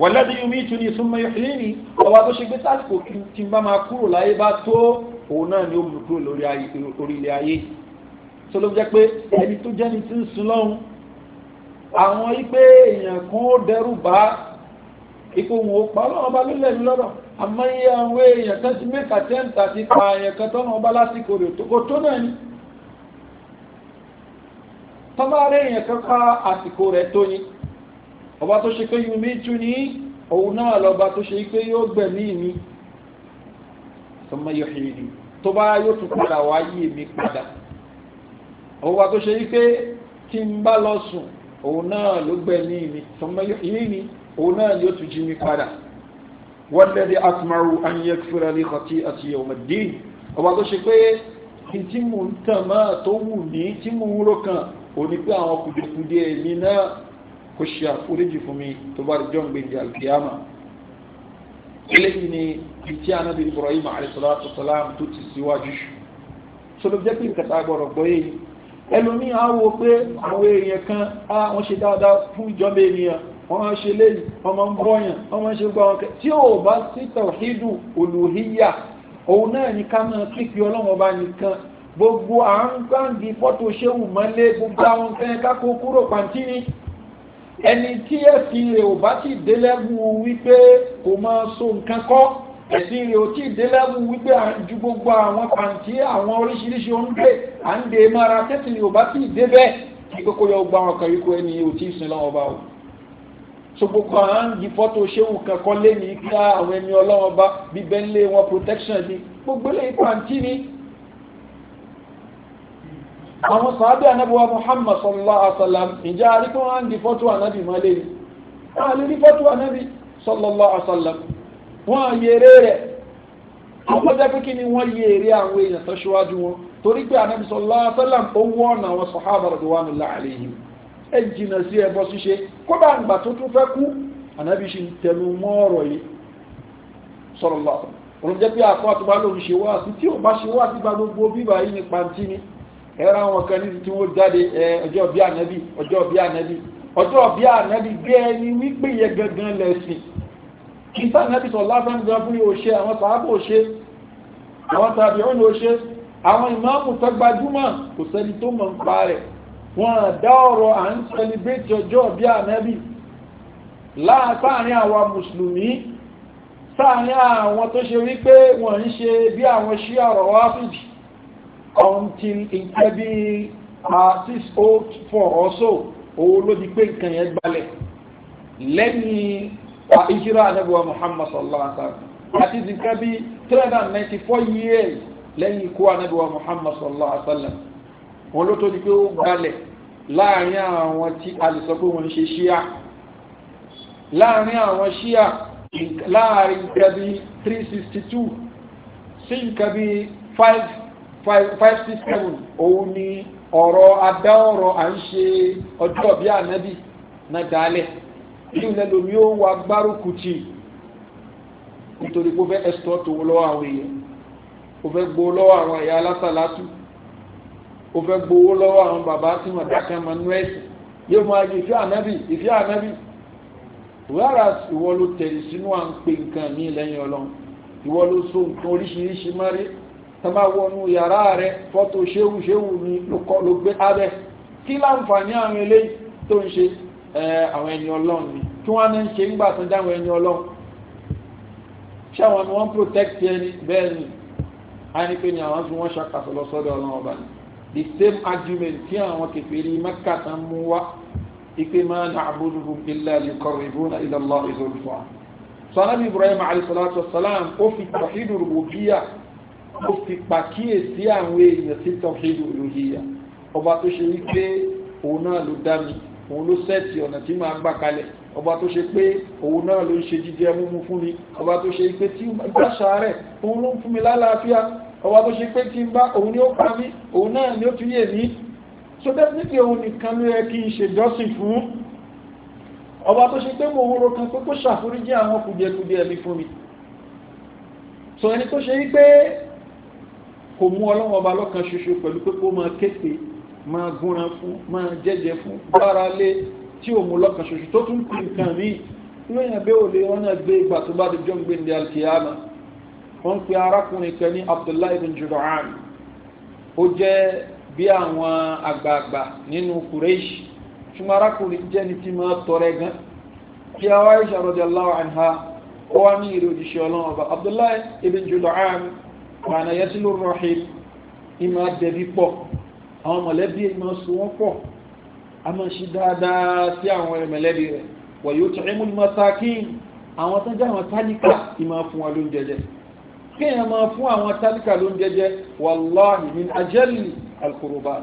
S1: wàlẹ́dí yomi tún ní súnmọ́ ìfìlẹ́ ni ọba tó ṣe gbé tásìkò tí n bá máa kúrò láyé bá tó òun náà ni ó mú kúrò lórí ilẹ̀ ayé tó ló jẹ́ pé ẹni tó jẹ́ni tí ń sun lọ́hùn àwọn ipe èèyàn kan ó dẹrù bá ipò wọn ò pa ọlọ́run ọba lólẹ̀ mi lọ́rọ̀ àmọ́ iye àwọn èèyàn kan ti mẹ́ka tẹ́ǹtà ti pa àyàn kan tọ́nà ọba lásìkò rẹ̀ kò tó náà ni tọ́ba rẹ̀ èèyàn kan pa àsìkò rẹ̀ tó ni ọba tó ṣe pé yumi tú ni òun náà lọ́ba tó ṣe pé yóò gbẹ̀mí mi sọmọ tó bá yóò tún padà wá yí èmi padà ọba tó ṣe pé tí n bá lọ sùn òun náà ló gbẹ̀mí mi sọmọ yóò ni òun náà ni ó tún jí mi padà walladhi atma'u an yaghfira li khati'ati yawm ad-din ọba tó ṣe pé kí tí mò ń tàn máa tó wù ní tí mò ń rókàn òní pé àwọn kùdìkùdì ẹ̀mí náà kò ṣe àforíjì fún mi tó bá rí jọ́ǹgbé di alkiyama eléyìí ni ìtí anábì Ibrahim alayhisalatu salam tó ti síwájú sọlọ jẹ́ pé nǹkan tá a gbọ́dọ̀ gbọ́ yìí ẹlòmíín á wo pé àwọn èèyàn kan á wọ́n ṣe dáadáa fún ìjọba ènìyàn wọ́n máa ń ṣe léyìí wọ́n máa ń bọ́yàn wọ́n máa ń ṣe gbọ́n kẹ́ tí ò bá sí tawhidu olùhíyà òun náà ní ká máa pípi ọlọ́run ọba nìkan gbogbo à ń gbáǹdì fọ́tò ṣéwù mọ́lé gbogbo àwọn fẹ́ kákó kúrò pàǹtí ni ẹni tí ẹ̀sìn rẹ̀ ò bá ti délẹ́gùn wípé kò máa so nǹkan kọ́ ẹ̀sìn rẹ̀ ò tí ì délẹ́gùn wípé à ń ju gbogbo àwọn pàǹtí àwọn oríṣiríṣi oúnjẹ à ń de mara tẹ́sìn rẹ̀ ò bá ti dé bẹ́ẹ̀ kí kókó yọ gbọ́ àwọn yìí kó ẹni ò tí ì sin lọ́wọ́ bá o so gbogbo àwọn à ń yí fọ́tò ṣéwù kankan lé ní ká àwọn ẹni ọlọ́wọ́n bá bíbẹ́ ń lé wọn protection ni gbogbo lè pàǹtí ni. àwọn sàábẹ́ anábíwá Muhammad sallallahu alaihi wasallam ìjà àríkọ́ wọn à ń yí fọ́tò anábì máa lé ni wọn à lè fọ́tò anábì sallallahu alaihi wasallam wọn à yèrè rẹ̀ àwọn ọjọ́ pé kí ni wọ́n yèrè àwọn èèyàn tó ṣíwájú wọn torí pé anábì sallallahu alaihi wasallam ó wọ́n àwọn sàhábà radwanullahi alaihim ẹ jìnà sí ẹbọ ṣíṣe kódà àgbà tó tún fẹ́ kú ànábì ṣe ń tẹnu mọ́ ọ̀rọ̀ yìí sọ̀rọ̀ lọ́sọ̀ òun jẹ́ pé àkọ́ àti bá lóun ṣe wá sí tí ò bá ṣe wá sí bá gbogbo bíbá yìí ní pàǹtí ni ẹ̀rọ àwọn kan ní tí wọ́n jáde ọjọ́ bí ànábì ọjọ́ bí ànábì ọjọ́ bí ànábì gbé ẹni wípé yẹ gangan lẹ́sìn kí sànábì sọ lásán fún wọn dá ọ̀rọ̀ à ń sẹlẹ̀bẹ̀tì ọjọ́ bí ànábì láàárín àwa mùsùlùmí sáàrin àwọn tó ṣe wípé wọ́n ń ṣe bí àwọn ṣí ọ̀rọ̀ wáfíìdì until nǹkan bí six oh four or so owó ló di pé nǹkan yẹn gbalẹ̀ lẹ́yìn ìṣirò ànábìwá Muhammad sallallahu alaihi wa sallam àti nǹkan bí three hundred and ninety four years lẹ́yìn ikú ànábìwá Muhammad sallallahu alaihi wa sallam wọ́n ló tó di pé ó gbalẹ̀ láàrin àwọn tí a lè sọ pé wọ́n ń ṣe ṣíà láàrin àwọn ṣíà láàrin nǹkan bí 362 sí nǹkan bí 567 òun ni ọ̀rọ̀ adáọ̀rọ̀ à ń ṣe ọjọ́ bí ànábì náà dálẹ̀ ìlú lẹ́lòmí ó wà gbárùkù nítorí pé ó fẹ́ ẹ̀sọ́ tó lọ́wọ́ àwọn èèyàn ó fẹ́ gbó lọ́wọ́ àwọn ẹ̀yà alásàlátù ó fẹ́ gbowó lọ́wọ́ àwọn bàbá tí wọ́n dákan mọ́ nú ẹ̀sìn yóò máa di ìfẹ́ ànábì ìfẹ́ ànábì rárá ìwọ ló tẹ̀lé sínú à ń pè nǹkan ní lẹ́yìn ọlọ́run ìwọ ló so nǹkan oríṣiríṣi mọ́rí tọ́ba wọnú yàrá rẹ fọ́tò ṣéwù ṣéwù ni ló gbé abẹ kí láǹfààní àwọn eléyìí tó ń ṣe àwọn ẹni ọlọ́run ni kí wọ́n á ń ṣe ńgbà tó dáwọn ẹni ọlọ́run ṣáwọn ni wọ́n protect ẹni bẹ́ẹ̀ ni a ni àwọn fi wọ́n ṣàkàtọ̀ lọ sọ́dọ̀ ọlọ́run ọba ni the same argument tí àwọn kèfèrí Mẹ́kà tán mú wá ipe ma na'buduhum illa liqarribuna ila Allah zulfa sanabi Ibrahim alayhi salatu wassalam ó fi tawhid rububiyya ó fi pàkíyèsí àwọn èèyàn sí tawhid uluhiyya ọba tó ṣe wípé òun náà ló dá mi òun ló sẹ́ẹ̀tì ọ̀nà tí máa gbà kalẹ̀ ọba tó ṣe pé òun náà ló ń ṣe jíjẹ múmú fún mi ọba tó ṣe pé tí ìgbà ṣàárẹ̀ òun ló ń fún mi lálàáfíà ọwọ́ tó ṣe pé tí ń bá òun ni ó pa mí òun náà ni ó tún yè mí so definitely òun nìkan ló yẹ kí n ṣèjọ́sìn fún ọba tó ṣe pé mo ń ro kan pé kó ṣàforíjì àwọn kùdìẹ̀kùdìẹ̀ mi fún mi so ẹni tó ṣe yí pé kò mú ọlọ́wọ́ ọba lọ́kan ṣoṣo pẹ̀lú pé kó máa képe máa gúnra fún máa jẹ́jẹ́ fún gbára lé tí ò mú lọ́kan ṣoṣo tó tún kú nǹkan míì lóyìn abẹ́ òde wọn náà gbé ìgbà tó bá dojọ́ ń gbé ní wọ́n pe arákùnrin kan ní abdullahi bin judu'an ó jẹ́ bí àwọn àgbààgbà nínú kureish ṣùgbọ́n arákùnrin jẹ́ ní tí máa tọrẹ gan kí a wáyé ṣàròdì aláwọ̀ àìhá ó wá ní ìrè òjìṣẹ́ ọlọ́run ọba abdullahi ibn judu'an wàhánà yẹtìlú rahim ìmọ̀ àdẹ̀bí pọ̀ àwọn mọ̀lẹ́bí ìmọ̀ sọ wọ́n pọ̀ a máa ṣe dáadáa sí àwọn mọ̀lẹ́bí rẹ̀ wọ̀nyí ó tẹ̀lé mú ní mọ́sákìn àwọn tó jẹ́ àwọn tálíkà ìmọ̀ fún wọn ló ń kéèyàn máa fún àwọn tálíkà ló ń jẹjẹ wàláhì min ajẹ́lì alkùrùbá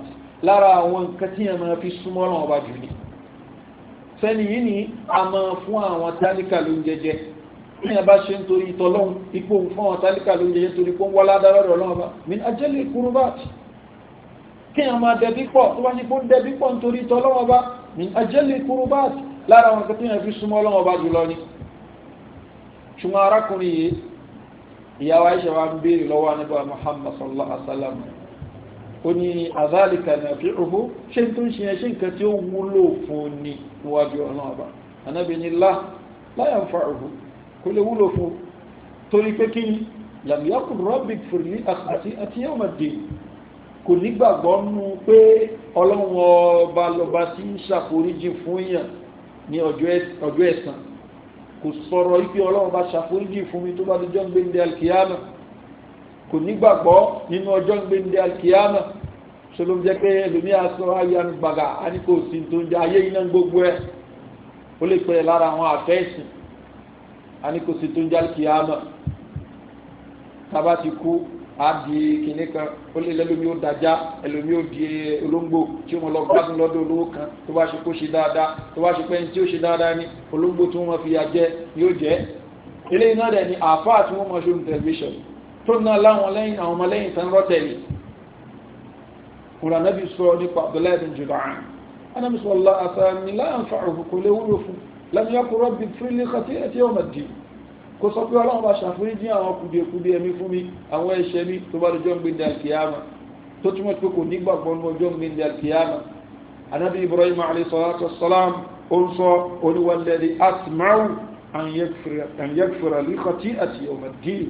S1: lára àwọn nǹkan tí yẹn máa fi súnmọ́ náà ọba jù ní sẹ́ni yìí ni a máa fún àwọn tálíkà ló ń jẹjẹ kéèyàn bá ṣe ń torí ìtọ́lọ́hún ipò ń fún àwọn tálíkà ló ń jẹjẹ torí pé ń wọlá dára rẹ̀ lọ́wọ́ bá min ajẹ́lì alkùrùbá kéèyàn máa dẹ̀bí pọ̀ tó bá ṣe pé ń dẹ̀bí pọ̀ nítorí ìtọ́lọ́wọ́ bá min ajẹ́lì alkùrùbá ìyàwó aisha wa ń béèrè lọ́wọ́ anábà muhammad sallallahu alaihi wasallam ó ní azalika ní àfi òhó ṣe tó ń ṣe ẹṣẹ́ nǹkan tí ó wúlò fún ni níwájú ọ̀nà ọba anábì ní lá láyà ń fa òhó kó lè wúlò fún torí pé kí ni làmìyàkùn rọ́bì fìrìlì àti àti yọmọdé kò nígbàgbọ́ nú pé ọlọ́run ọba lọba tí ń ṣàforíjì fún yàn ní ọjọ́ ẹ̀san kò sọ̀rọ̀ ibi ọlọ́run bá ṣàforíjì fún mi tó bá dọjọ́ ń gbé ndé alkiyama kò nígbàgbọ́ nínú ọjọ́ ń gbé ndé alkiyama ṣolóń jẹ́ pé ẹlòmíà sọ ayanu gbàgà á ní kò sí tó ń jẹ ayé iná gbogbo ẹ ó lè pẹ́ lára àwọn àfẹ́sìn á ní kò sí tó ń jẹ alkiyama tá a bá ti kú á di kinní kan ó lé lẹ́lómi ó dájá ẹlòmí ó di olóńgbò tí wọ́n lọ gbádùn lọ́dọ̀ olówó kan tó bá ṣe kó ṣe dáadáa tó bá ṣe pé ní tí ó ṣe dáadáa ni olóńgbò tí wọ́n fi yà jẹ yóò jẹ́ eléyìí náà dẹ̀ ni àáfàá tí wọ́n mọ̀ ṣe ohun tẹlifíṣọ̀n tó ná láwọn lẹ́yìn àwọn ọmọlẹ́yìn tán rọ́tẹ̀lì kùrànàbí sọ nípa Abdullahi bin Judan anamisọ̀lá àtàmìlá àǹfààrùkù kò léwúrò fún lẹ́nu yàkùrọ̀ bíi fúrílẹ̀ kàtí àti ọmọdé kó sọ pé ọlọ́run bá ṣàforíjì àwọn kùdìẹ̀kùdìẹ̀ mi fún mi àwọn ẹ̀ṣẹ̀ mi tó bá dọjọ́ gbẹ̀dẹ̀ àkìyàmà tó túmọ̀ pé kò nígbàgbọ́ ní ọjọ́ gbẹ̀dẹ̀ àkìyàmà anabi ibrahim alayhi salatu wassalam ó ń sọ oníwàlẹ́dẹ̀ asmau an yagfira li khati'ati yawm ad-din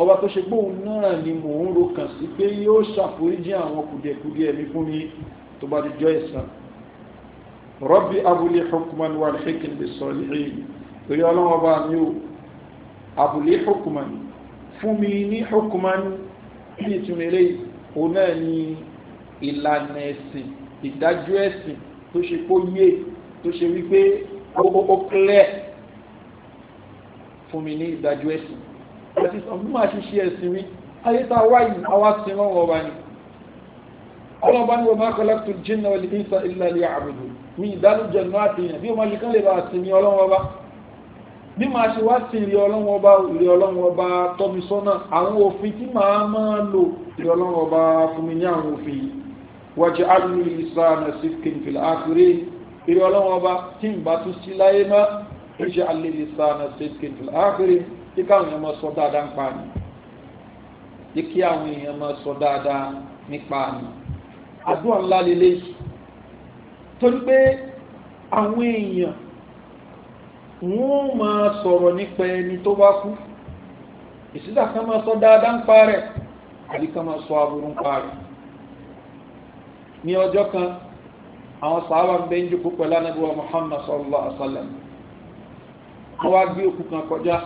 S1: ọba tó ṣe pé òun náà ni mò ń ro kàn sí pé yóò ṣàforíjì àwọn kùdìẹ̀kùdìẹ̀ mi fún mi tó bá dọjọ́ ẹ̀san torí ọlọ́run ọba mi ò àbùlé hukuman fún mi ní hukuman ní ìtumọ̀ eré òun náà ní ìlànà ẹ̀sìn ìdájọ́ ẹ̀sìn tó ṣe kó yé tó ṣe wípé ó clear fún mi ní ìdájọ́ ẹ̀sìn àti ọdún máa ṣe ṣe ẹ̀sìn mi ayé tá a wá yìí àwa sin lọ́wọ́ ọba ni ọlọ́ba ni wọ́n máa kọ́ láti jìnnà wal insa illa liya'budun mi ìdálójẹ̀ náà ti yàn bí wọ́n máa kán lè bá a sin mi ọlọ́wọ́ ọba bí màá ṣe wá sí ìrì ọlọ́run ọba ìrì ọlọ́run ọba tọ́ mi sọ́nà àwọn òfin tí màá máa lò ìrì ọlọ́run ọba fún mi ní àwọn òfin yìí wájú alùmí ìsá na sífkin fìlà ákúrè ìrì ọlọ́run ọba tí ń bá tún sí láyé má ìṣe alẹ́ ìsá na sífkin fìlà ákúrè kí káwọn èèyàn máa sọ dáadáa ń pa ni kí kí àwọn èèyàn máa sọ dáadáa nípa ni àdúrà ńlá lélẹ́yìí torí pé àwọn èèyàn wọ́n máa sọ̀rọ̀ nípa ẹni tó bá kú ìsídà kan máa sọ dáadáa ń pa rẹ̀ àbí kan máa sọ aburú ń pa rẹ̀ ní ọjọ́ kan àwọn sàábà ń bẹ ń jókòó pẹ̀lú anábíwá Muhammad sallallahu alaihi wa sallam wọ́n wá gbé òkú kan kọjá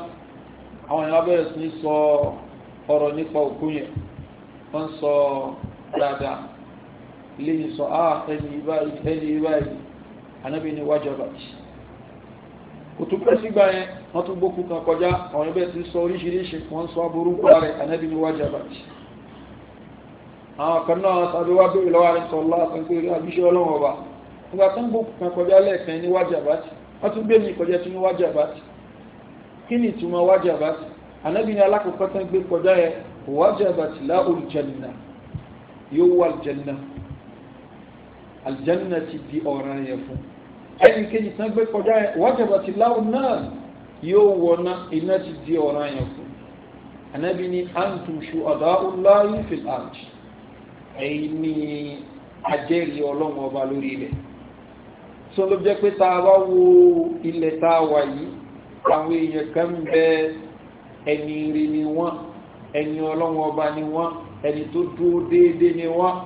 S1: àwọn èèyàn bẹ̀rẹ̀ sí ní sọ ọ̀rọ̀ nípa òkú yẹn wọ́n sọ dáadáa lẹ́yìn sọ ah ẹni báyìí ẹni báyìí anábì ni wájọ bàjẹ́ kò tún pẹ́ sígbà yẹn wọ́n tún gbókù kan kọjá àwọn ẹgbẹ́ ti sọ oríṣiríṣi wọ́n sọ aburú pa rẹ̀ ànábì ní wájà bàtì àwọn kan náà sábẹ́ wá bèrè lọ́wọ́ àrẹ́sọ láàpẹ́ pé àbíṣẹ́ ọlọ́run ọba nígbà tó ń gbókù kan kọjá lẹ́ẹ̀kan ní wájà bàtì wọ́n tún gbé mi kọjá tí ní wájà bàtì kí ni ìtumọ̀ wájà bàtì ànábì ní alákòókò ẹni kejì tán gbé kọjá ẹ wájàbà ti láwùn náà yóò wọná iná ti di ọ̀ràn yẹn fún anabi ni antum shuhada'ullahi fil ard ẹ̀yin ni ajẹ́rìí ọlọ́run ọba lórí ilẹ̀ sọ ló jẹ́ pé tá a bá wo ilẹ̀ tá a wà yìí àwọn èèyàn kan ń bẹ ẹni rí ni wọ́n ẹni ọlọ́run ọba ni wọ́n ẹni tó dúró déédéé ni wọ́n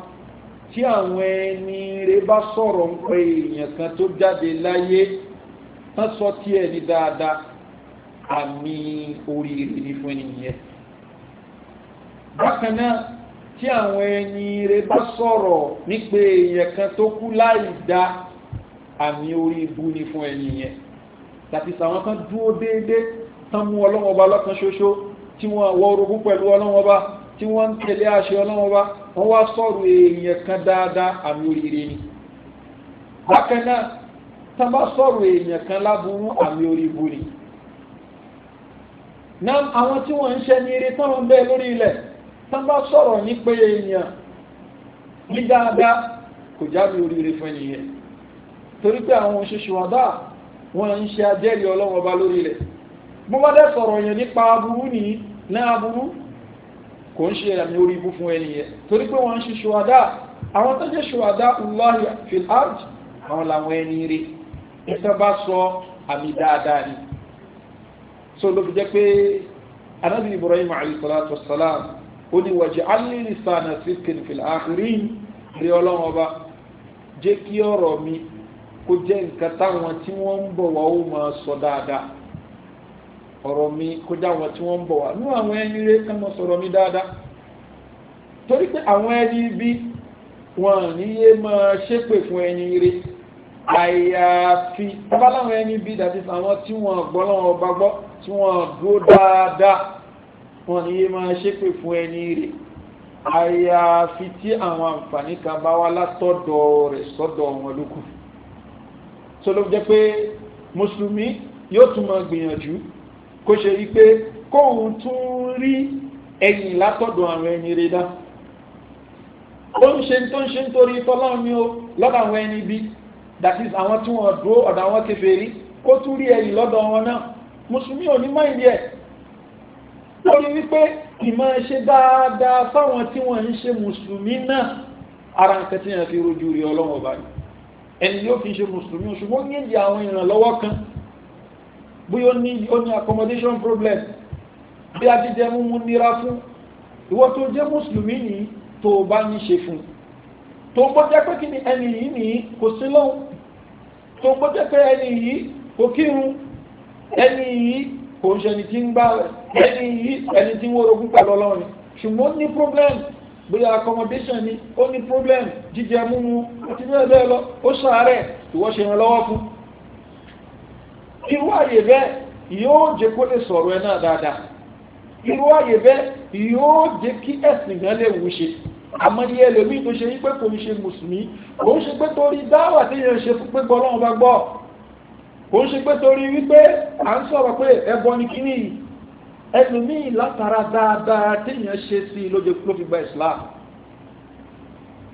S1: tí àwọn ẹni rẹ bá sọ̀rọ̀ ń pẹ èèyàn kan tó jáde láyé tán sọ tí ẹ ní dáadáa àmì oríire ní fún ẹnìyẹn bákan náà tí àwọn ẹni rẹ bá sọ̀rọ̀ nípa èèyàn kan tó kú láì dá àmì orí ibu ní fún ẹnìyẹn tàbí sàwọn kan dúró déédéé tán mú ọlọ́wọ́ba lọ́kan ṣoṣo tí wọ́n wọ orogún pẹ̀lú ọlọ́wọ́ba tí wọ́n ń tẹ̀lé àṣẹ ọlọ́wọ́ba wọ́n wá sọ̀rọ̀ èèyàn kan dáadáa àmì ni bákan náà tá sọ̀rọ̀ èèyàn kan láburú àmì oríbu ni náà àwọn tí wọ́n ń ní eré táwọn bẹ́ẹ̀ lórí ilẹ̀ a bá sọ̀rọ̀ èèyàn ní dáadáa kò jáde oríire fún ẹnìyẹn torí pé àwọn òṣìṣẹ́ wàdà wọ́n ń ṣe ajẹ́rìí ọlọ́wọ́n lórí ilẹ̀ bó bá kò ń ṣe àmì orí ibú fún ẹni yẹn torí pé wọ́n ń ṣe ṣùwádá àwọn tó jẹ́ ṣùwádá Allahi fil ard àwọn làwọn ẹni rí ìtàn bá sọ àmì dáadáa ni so ló fi jẹ́ pé anabi Ibrahim alayhi salatu wassalam ó ní waj'al li lisana sidqin fil akhirin rí ọlọ́run ọba jẹ́ kí ọ̀rọ̀ mi kó jẹ́ nǹkan táwọn tí wọ́n ń bọ̀ wá ó máa sọ dáadáa ọ̀rọ̀ mi kó já wọn tí wọ́n ń bọ̀ wá nú àwọn ẹni rẹ kán mọ́ sọ̀rọ̀ mi dáadáa torí pé àwọn ẹni bí wọn ní yé máa ṣépè fún ẹni rẹ àyàfi tábàláwọn ẹni bí dàbí àwọn tí wọn gbọ́ lọ́wọ́ bá gbọ́ tí wọn dúró dáadáa wọn ní yé máa ṣépè fún ẹni rẹ àyàfi tí àwọn àǹfààní kan bá wá látọ̀dọ̀ rẹ̀ sọ́dọ̀ wọn lókù tó ló jẹ́ pé mùsùlùmí yóò tún máa gbìyànjú kó ṣe wípé kóun tún rí ẹ̀yìn látọ̀dọ̀ àwọn ẹni rẹ̀ dá ó ń ṣe tó ń ṣe nítorí tọ́lọ́run ni ó lọ́dọ̀ àwọn ẹni bí that is àwọn tí wọ́n dúró ọ̀dọ̀ àwọn kèfèrí kó tún rí ẹ̀yìn lọ́dọ̀ wọn náà mùsùlùmí ò ní máìlì ẹ̀ lórí wípé ìmọ̀ ṣe dáadáa fáwọn tí wọ́n ń ṣe mùsùlùmí náà ara nǹkan tí wọ́n fi rojú rí ọlọ́wọ́ báyìí ẹni yóò fi ṣe mùsùlùmí ṣùgbọ́n níbi àwọn ìrànlọ́wọ́ kan bóyá ó ní ó ní accommodation problem bí ajíjẹ múmú nira fún ìwọ tó jẹ́ mùsùlùmí ní tó bá ní ṣe fún tó gbọ́jẹ́ pé kí ni ẹni yìí ní kò sí lọ́hùn tó gbọ́jẹ́ pé ẹni yìí kò kírun ẹni yìí kò ń ṣẹni tí ń gbá ẹni yìí ẹni tí ń wórogún pẹ̀lú ọlọ́run ṣùgbọ́n ó ní problem bóyá accommodation ni ó ní problem jíjẹ múmú àti bẹ́ẹ̀ bẹ́ẹ̀ lọ ó ṣàárẹ̀ ìwọ ṣèrànlọ́wọ́ fún irú àyè bẹ́ẹ̀ yóò jẹ́ kó lè sọ̀rọ̀ ẹ náà dáadáa irú àyè bẹ́ẹ̀ yóò jẹ́ kí ẹ̀sìn gan lè wù ṣe àmọ́ ní ẹlòmíì tó ṣe wípé kò ń ṣe mùsùlùmí kò ń ṣe pé torí dáwà tí yẹn ń ṣe fún pé gbọ́ ọlọ́run bá gbọ́ kò ń ṣe pé torí wípé à ń sọ̀rọ̀ pé ẹbọ ni kíní yìí ẹlòmíì látara dáadáa tí yẹn ṣe sí i lójú ló fi gba Islam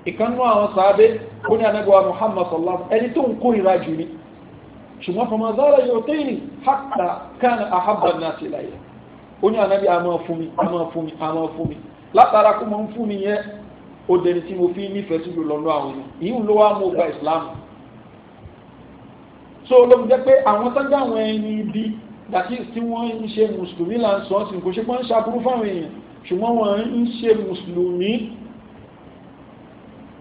S1: ìkànnú àwọn sàábé ó ní anábíwá Muhammad sallam ẹni tó ń kó ìrajù ni ṣùgbọ́n fọmọ zára yóò tẹ́ ní hàkà kan àhábà náà sí láyé ó ní ànábì a máa fún mi a máa fún mi a máa fún mi látara kó máa ń fún mi yẹn ó dẹni tí mo fi nífẹ̀ẹ́ sí jù lọ́nà àwọn èèyàn yìí ló wá mú gba ìsìláàmù so ló fi jẹ́ pé àwọn sọ́jà àwọn ẹni ibi dàtí tí wọ́n ń ṣe mùsùlùmí là ń sọ ọ́ sí kò ṣe pé ń ṣàkúrú fáwọn èèyàn ṣùgbọ́n wọ́n ń ṣe mùsùlùmí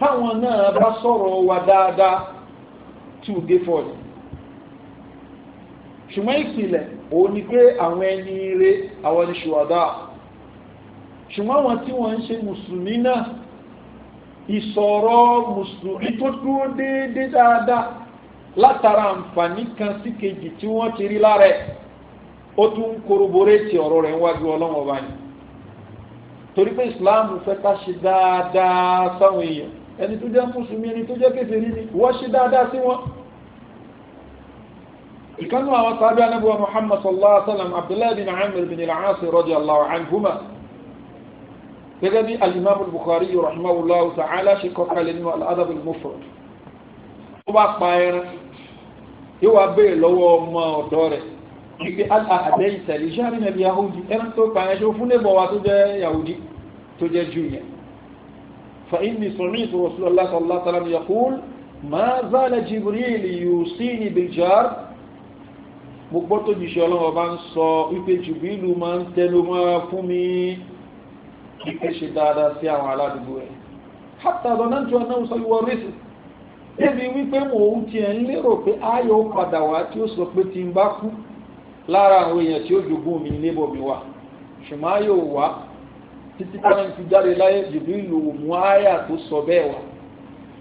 S1: táwọn náà bá sọ̀rọ̀ wa dáadáa tí ò dé fọ́ọ̀lì ṣùgbọ́n ìpìlẹ̀ òun ni pé àwọn ẹni ire àwọn ni ṣùwádà ṣùgbọ́n àwọn tí wọ́n ń ṣe mùsùlùmí náà ìsọ̀rọ̀ mùsùlùmí tó dúró déédéé dáadáa látara àǹfààní kan sí kejì tí wọ́n ti rí lára ẹ̀ ó tún ń korobóréètì ọ̀rọ̀ rẹ̀ níwájú ọlọ́run ọba torí pé ìsìláàmù fẹ́ ká ṣe dáadáa sáwọn èèyàn ẹni tó jẹ́ mùsùlùmí ẹni tó jẹ́ kèfèrí ni wọ́n ṣe dáadáa sí wọn ìkànnì àwọn sábẹ anábíwá muhammad sallallahu alaihi wa sallam abdullahi bin amir bin al-aasi radiyallahu anhuma gẹ́gẹ́ bí alimami bukhari rahimahullahu ta'ala ṣe kọ kalẹ̀ nínú al-adab al-mufrad ó bá pa ẹran yóò wá béèrè lọ́wọ́ ọmọ ọ̀dọ́ rẹ̀ wípé àdé ìtẹ̀lẹ̀ iṣẹ́ àrínà bí yahudi ẹran tó pa ẹṣẹ́ fún lébọ̀ wa tó jẹ́ yahudi tó jẹ́ jù yẹn fa inni sami'tu sallallahu alaihi wa sallam yaqul ma zala jibril yusini bil jar mo gbọ́ tó jíṣẹ́ ọlọ́wọ́ bá ń sọ wípé jùbílù máa ń tẹnu mọ́ra fún mi wípé ṣe dáadáa sí àwọn aládùúgbò rẹ̀ hátà lọ́nàjọ́ náà sọ ìwọ rẹ́sì débi wípé mò ń tiẹ̀ ń lérò pé ayọ̀ padà wá tí ó sọ pé tí ń bá kú lára àwọn èèyàn tí ó jogún mi lébọ̀ mi wá ṣùgbọ́n ayọ̀ wá títí táwọn fi jáde láyé jùbílù mú ayà tó sọ bẹ́ẹ̀ wá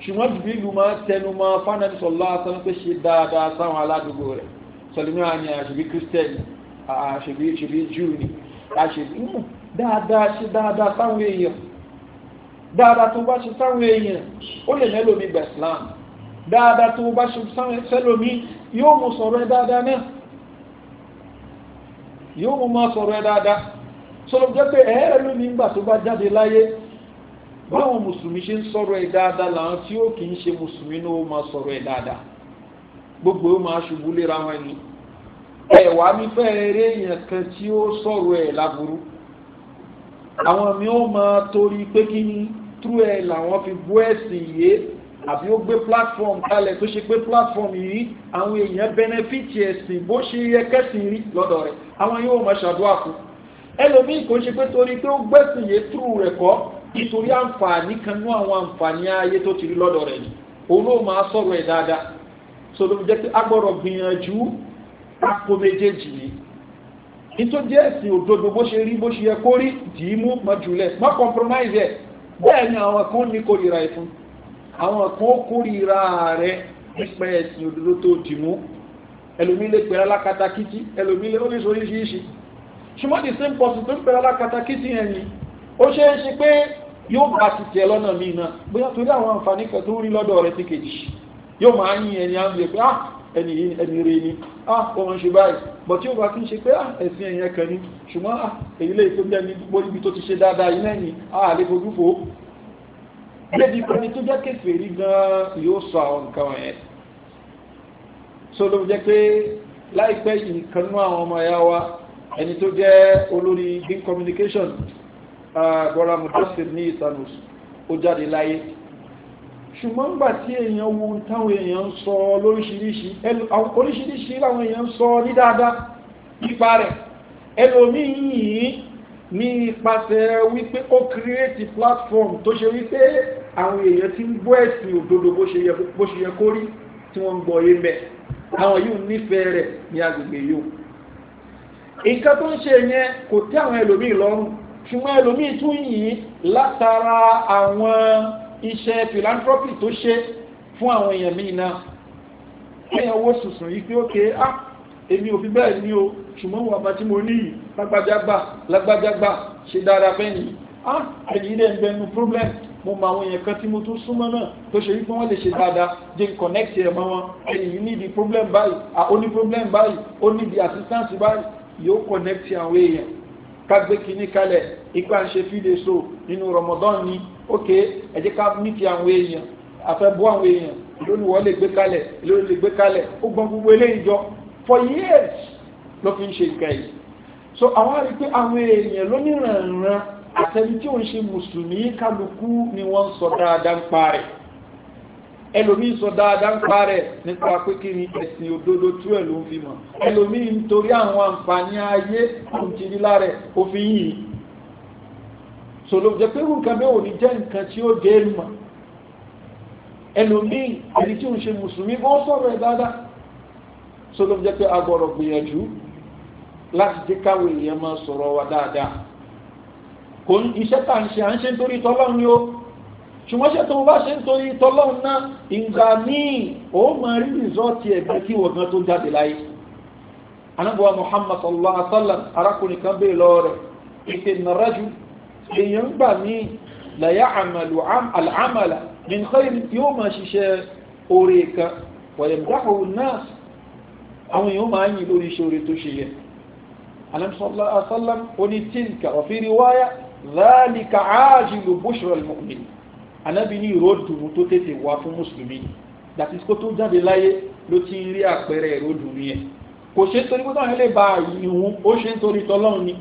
S1: ṣùgbọ́n jùbílù máa tẹnu mọ́ fánàbí sọ̀lá sọlẹ́mí wa ni àṣebí kírísítẹ́nì àṣebí ṣebí júù ni àṣebí mú hmm, dáadáa ṣe dáadáa sáwọn èèyàn dáadáa tó bá ṣe sáwọn èèyàn ó lè yẹn lómi gbà Islam dáadáa tó bá ṣe sẹ́lómi yóò mú sọ̀rọ̀ ẹ dáadáa náà yóò mú máa sọ̀rọ̀ ẹ dáadáa sọlọ jẹ́ pé ẹ̀ẹ́rẹ́ lómi ńgbà tó bá jáde láyé báwọn mùsùlùmí ṣe ń sọ̀rọ̀ ẹ dáadáa làwọn tí ó kì í ṣe mùsùlùmí ló máa sọ̀rọ̀ ẹ dáadáa gbogbo ó máa ṣubú léra wọn ni ẹ̀wà mi fẹ́ eré èèyàn kan tí ó sọ̀rọ̀ ẹ̀ láburú àwọn mi ó máa torí pé kí ni tú ẹ̀ làwọn fi bú ẹ̀sìn yìí àbí ó gbé platform kalẹ̀ tó ṣe pé platform yìí àwọn èèyàn benefit ẹ̀sìn bó ṣe yẹ kẹ́sìn rí lọ́dọ̀ rẹ̀ àwọn yóò máa ṣàdúrà fún ẹlòmíì kò ṣe pé torí pé ó gbẹ̀sìn yìí tú rẹ̀ kọ́ nítorí àǹfààní kan nú àwọn àǹfààní ayé tó ti rí lọ́dọ̀ rẹ̀ ni òun ló máa sọ̀rọ̀ ẹ̀ dáadáa so ló fi jẹ́ pé a gbọ́dọ̀ gbìyànjú àpò méjèèjì yìí nítorí jẹ́ ẹ̀sìn òdodo bó ṣe rí bó ṣe yẹ kó rí dìí mú mọ́júlẹ̀ má compromise ẹ̀ bẹ́ẹ̀ ni àwọn kan ní kórìíra ẹ̀ fún àwọn kan kórìíra rẹ̀ nípa ẹ̀sìn òdodo tó dì mú ẹlòmí lè pẹ̀lú alákatakítí ẹlòmí lè oríṣiríṣi ṣùgbọ́n the same person tó ń pẹ̀lú alákatakítí yẹn ni ó ṣe é ṣe pé yóò bá ti tẹ̀ lọ́nà míì náà bóyá torí àwọn àǹfààní kan tó rí lọ́dọ̀ rẹ̀ sí kejì yóò máa yìn ẹni á ń lè pé ah ẹni yìí ẹni rẹ ni ah ọmọ ṣe báyìí bọ̀ tí ó bá kí ń ṣe pé ah ẹ̀sìn ẹ̀yìn ẹ̀kan ni ṣùgbọ́n ah èyí lè tó bẹ́ẹ̀ ní gbogbo ibi tó ti ṣe dáadáa yìí lẹ́yìn ah lè fojú fo débi pẹ́ni tó jẹ́ kèfèrí gan yóò sọ àwọn nǹkan wọ̀nyẹn so ló jẹ́ pé láìpẹ́ yìí kan nú àwọn ọmọ ẹ̀yà wa ẹni tó jẹ́ olórí green communication gbọ́ra ah, mudasir ní ìsanus ó jáde láyé ṣùgbọ́n gbà tí èèyàn wo táwọn èèyàn ń sọ lóríṣiríṣi oríṣiríṣi láwọn èèyàn ń sọ ní dáadáa nípa rẹ̀ ẹlòmíì yìí ní ipasẹ̀ wípé ó kírètì platform tó ṣe wípé àwọn èèyàn ti ń gbọ́ ẹ̀sìn òdodo bó ṣe yẹ kó rí tí wọ́n ń gbọ́ yé mẹ́ àwọn yìí ń nífẹ̀ẹ́ rẹ̀ ní agbègbè yìí nǹkan tó ń ṣe yẹn kò tẹ́ àwọn ẹlòmíì lọ́rùn ṣùgbọ́n ẹlòmíì tún yìí látara àwọn iṣẹ́ philanthropy tó ṣe fún àwọn èèyàn míì náà èèyàn owó sùsùn yìí pé ókè á ah, èmi ò fi bẹ́ẹ̀ ní o ṣùgbọ́n wà bá tí mo ní yìí lágbájágbà lágbájágbà ṣe dára fẹ́yìn ah, á ẹ̀yìn ilé ẹgbẹ́nu problem mo mọ àwọn èèyàn kan tí mo tún súnmọ́ náà tó ṣe wípé wọ́n lè ṣe dáadáa jẹ́ n connect ẹ̀ mọ́ wọn ẹ̀yìn ní di problem báyìí ah, ó ní problem báyìí ó ní di assistance báyìí yóò connect àwọn èèyàn ká gbé kinní kalẹ̀ ipa ń ṣe fídè so nínú Ramadan ni ok ẹ jẹ́ ká mìtì àwọn èèyàn afẹ́ bọ́ àwọn èèyàn ìlú ni wọ́n lè gbé kalẹ̀ ìlú lè gbé kalẹ̀ ó gbọ́n gbogbo eléyìí jọ for years ló fi ń ṣe nǹkan yìí so àwọn àrí pé àwọn èèyàn lónìrànran àtẹni tí òun ṣe mùsùlùmí kálukú ni wọ́n sọ dáadáa ń pa rẹ̀ ẹlòmíín sọ dáadáa ń pa rẹ̀ nípa pé kí ni ẹ̀sìn òdodo tú ẹ̀ ló ń fi mọ̀ ẹlòmíín torí àwọn àǹfààní ayé òun ti rí lára ẹ̀ òfin yìí so ló jẹ́ pé nǹkan mẹ́wò ní jẹ́ nǹkan tí ó dé mọ̀ ẹlòmíì ẹni tí ń ṣe mùsùlùmí ó sọ̀rọ̀ ẹ̀ dáadáa so ló jẹ́ pé a gbọ́dọ̀ gbìyànjú láti jẹ́ káwé èèyàn máa sọ̀rọ̀ wa dáadáa kò ní iṣẹ́ tá à ń ṣe à ń ṣe nítorí tọ́lọ́run ni ó ṣùgbọ́n ṣe tó bá ṣe nítorí tọ́lọ́run náà ìgbà míì ó máa rí rìsọ́ọ̀tì ẹ̀gbẹ́ kí wọ́n tó jáde láyé anábọ̀wá Muhammad sallallahu alaihi wa sallam arákùnrin kan bẹ́ẹ̀ lọ́ọ́ rẹ̀ ìpè nàrájú èèyàn gbà ní làyà àmàlù àmàlà nìkan yóò máa ṣiṣẹ́ oore kan wọ̀yẹ̀mdáhù náà àwọn èèyàn máa ń yìn lórí iṣẹ́ oore tó ṣe yẹ alamsọ́lá asálám oní tíǹkà ọ̀fíìrí wáyà ذلك عاجل بشرى المؤمن anabi ní ìró dùnú tó tètè wá fún mùsùlùmí dàtí kó tó jáde láyé ló ti ń rí àpẹẹrẹ ìró dùnú yẹn kò ṣe nítorí pé táwọn ẹlẹ́bàá ìhun ó ṣe nítorí tọ́lọ́run ni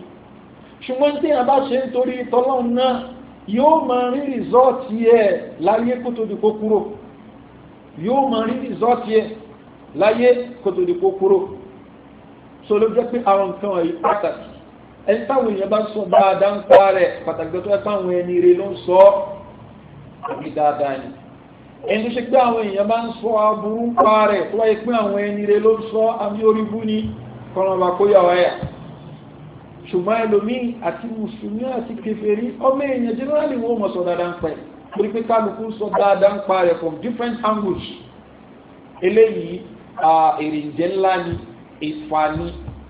S1: ṣùgbọ́n tí a bá ṣe ń torí tọ́lọ́run náà yóò máa rí rìsọ́ọ̀tì ẹ̀ láyé kó tó di kó kúrò yóò máa rí rìsọ́ọ̀tì ẹ̀ láyé kó tó di kó kúrò so ló jẹ́ pé àwọn nǹkan wọ̀nyí pàtàkì ẹni táwọn èèyàn bá ń sọ dáadáa ń pa rẹ̀ pàtàkì tó yẹ ẹni rẹ̀ ló ń sọ àbí dáadáa ni ẹni tó ṣe pé àwọn èèyàn bá ń sọ aburú ń pa rẹ̀ tó wáyé pé àwọn ẹni rẹ̀ ló ń sọ àbí orí bú ni kọ́nà bá kó yà wáyà ṣùgbọ́n ẹlòmíì àti mùsùlùmí àti kèfèrí ọmọ èèyàn generally wọ́n mọ̀ sọ dáadáa ń pa ẹ̀ torí pé kálukú sọ dáadáa ń pa rẹ̀ from different angles eléyìí èrìǹjẹ́ ńlá ni ìfàní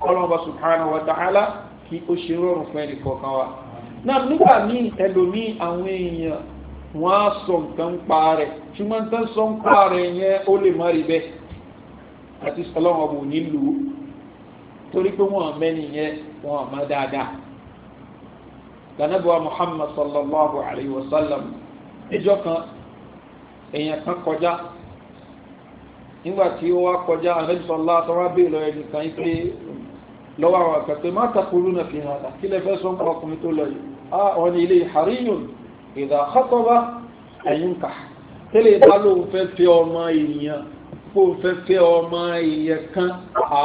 S1: ọlọ́mọba subhanahu wa ta'ala kí ó ṣe rọrùn fún ẹnì kọ̀ọ̀kan wa náà nígbà míì ẹlòmíì àwọn èèyàn wọ́n á sọ nǹkan ń pa rẹ̀ ṣùgbọ́n tán sọ ń torí pé wọ́n mẹ́ni yẹn wọn ò mọ̀ dáadáa lànàbíwá muhammad sallallahu alayhi wa sallam níjọ́ kan èèyàn kan kọjá nígbà tí ó wá kọjá anabi sọlá sọlá bẹ́ẹ̀ lọ ẹni kan yìí pé lọ́wọ́ àwọn akẹ́kọ̀ọ́ má takùlù náà fi hàn án kí lè fẹ́ sọ́n kọ́ ọkùnrin tó lọ yìí á wọn ilé hariyun ìdá xọ́tọ́ba ẹ̀yìnká tẹ́lẹ̀ bá lóun fẹ́ fẹ́ ọmọ èèyàn kó fẹ́ fẹ́ ọmọ èèyàn kan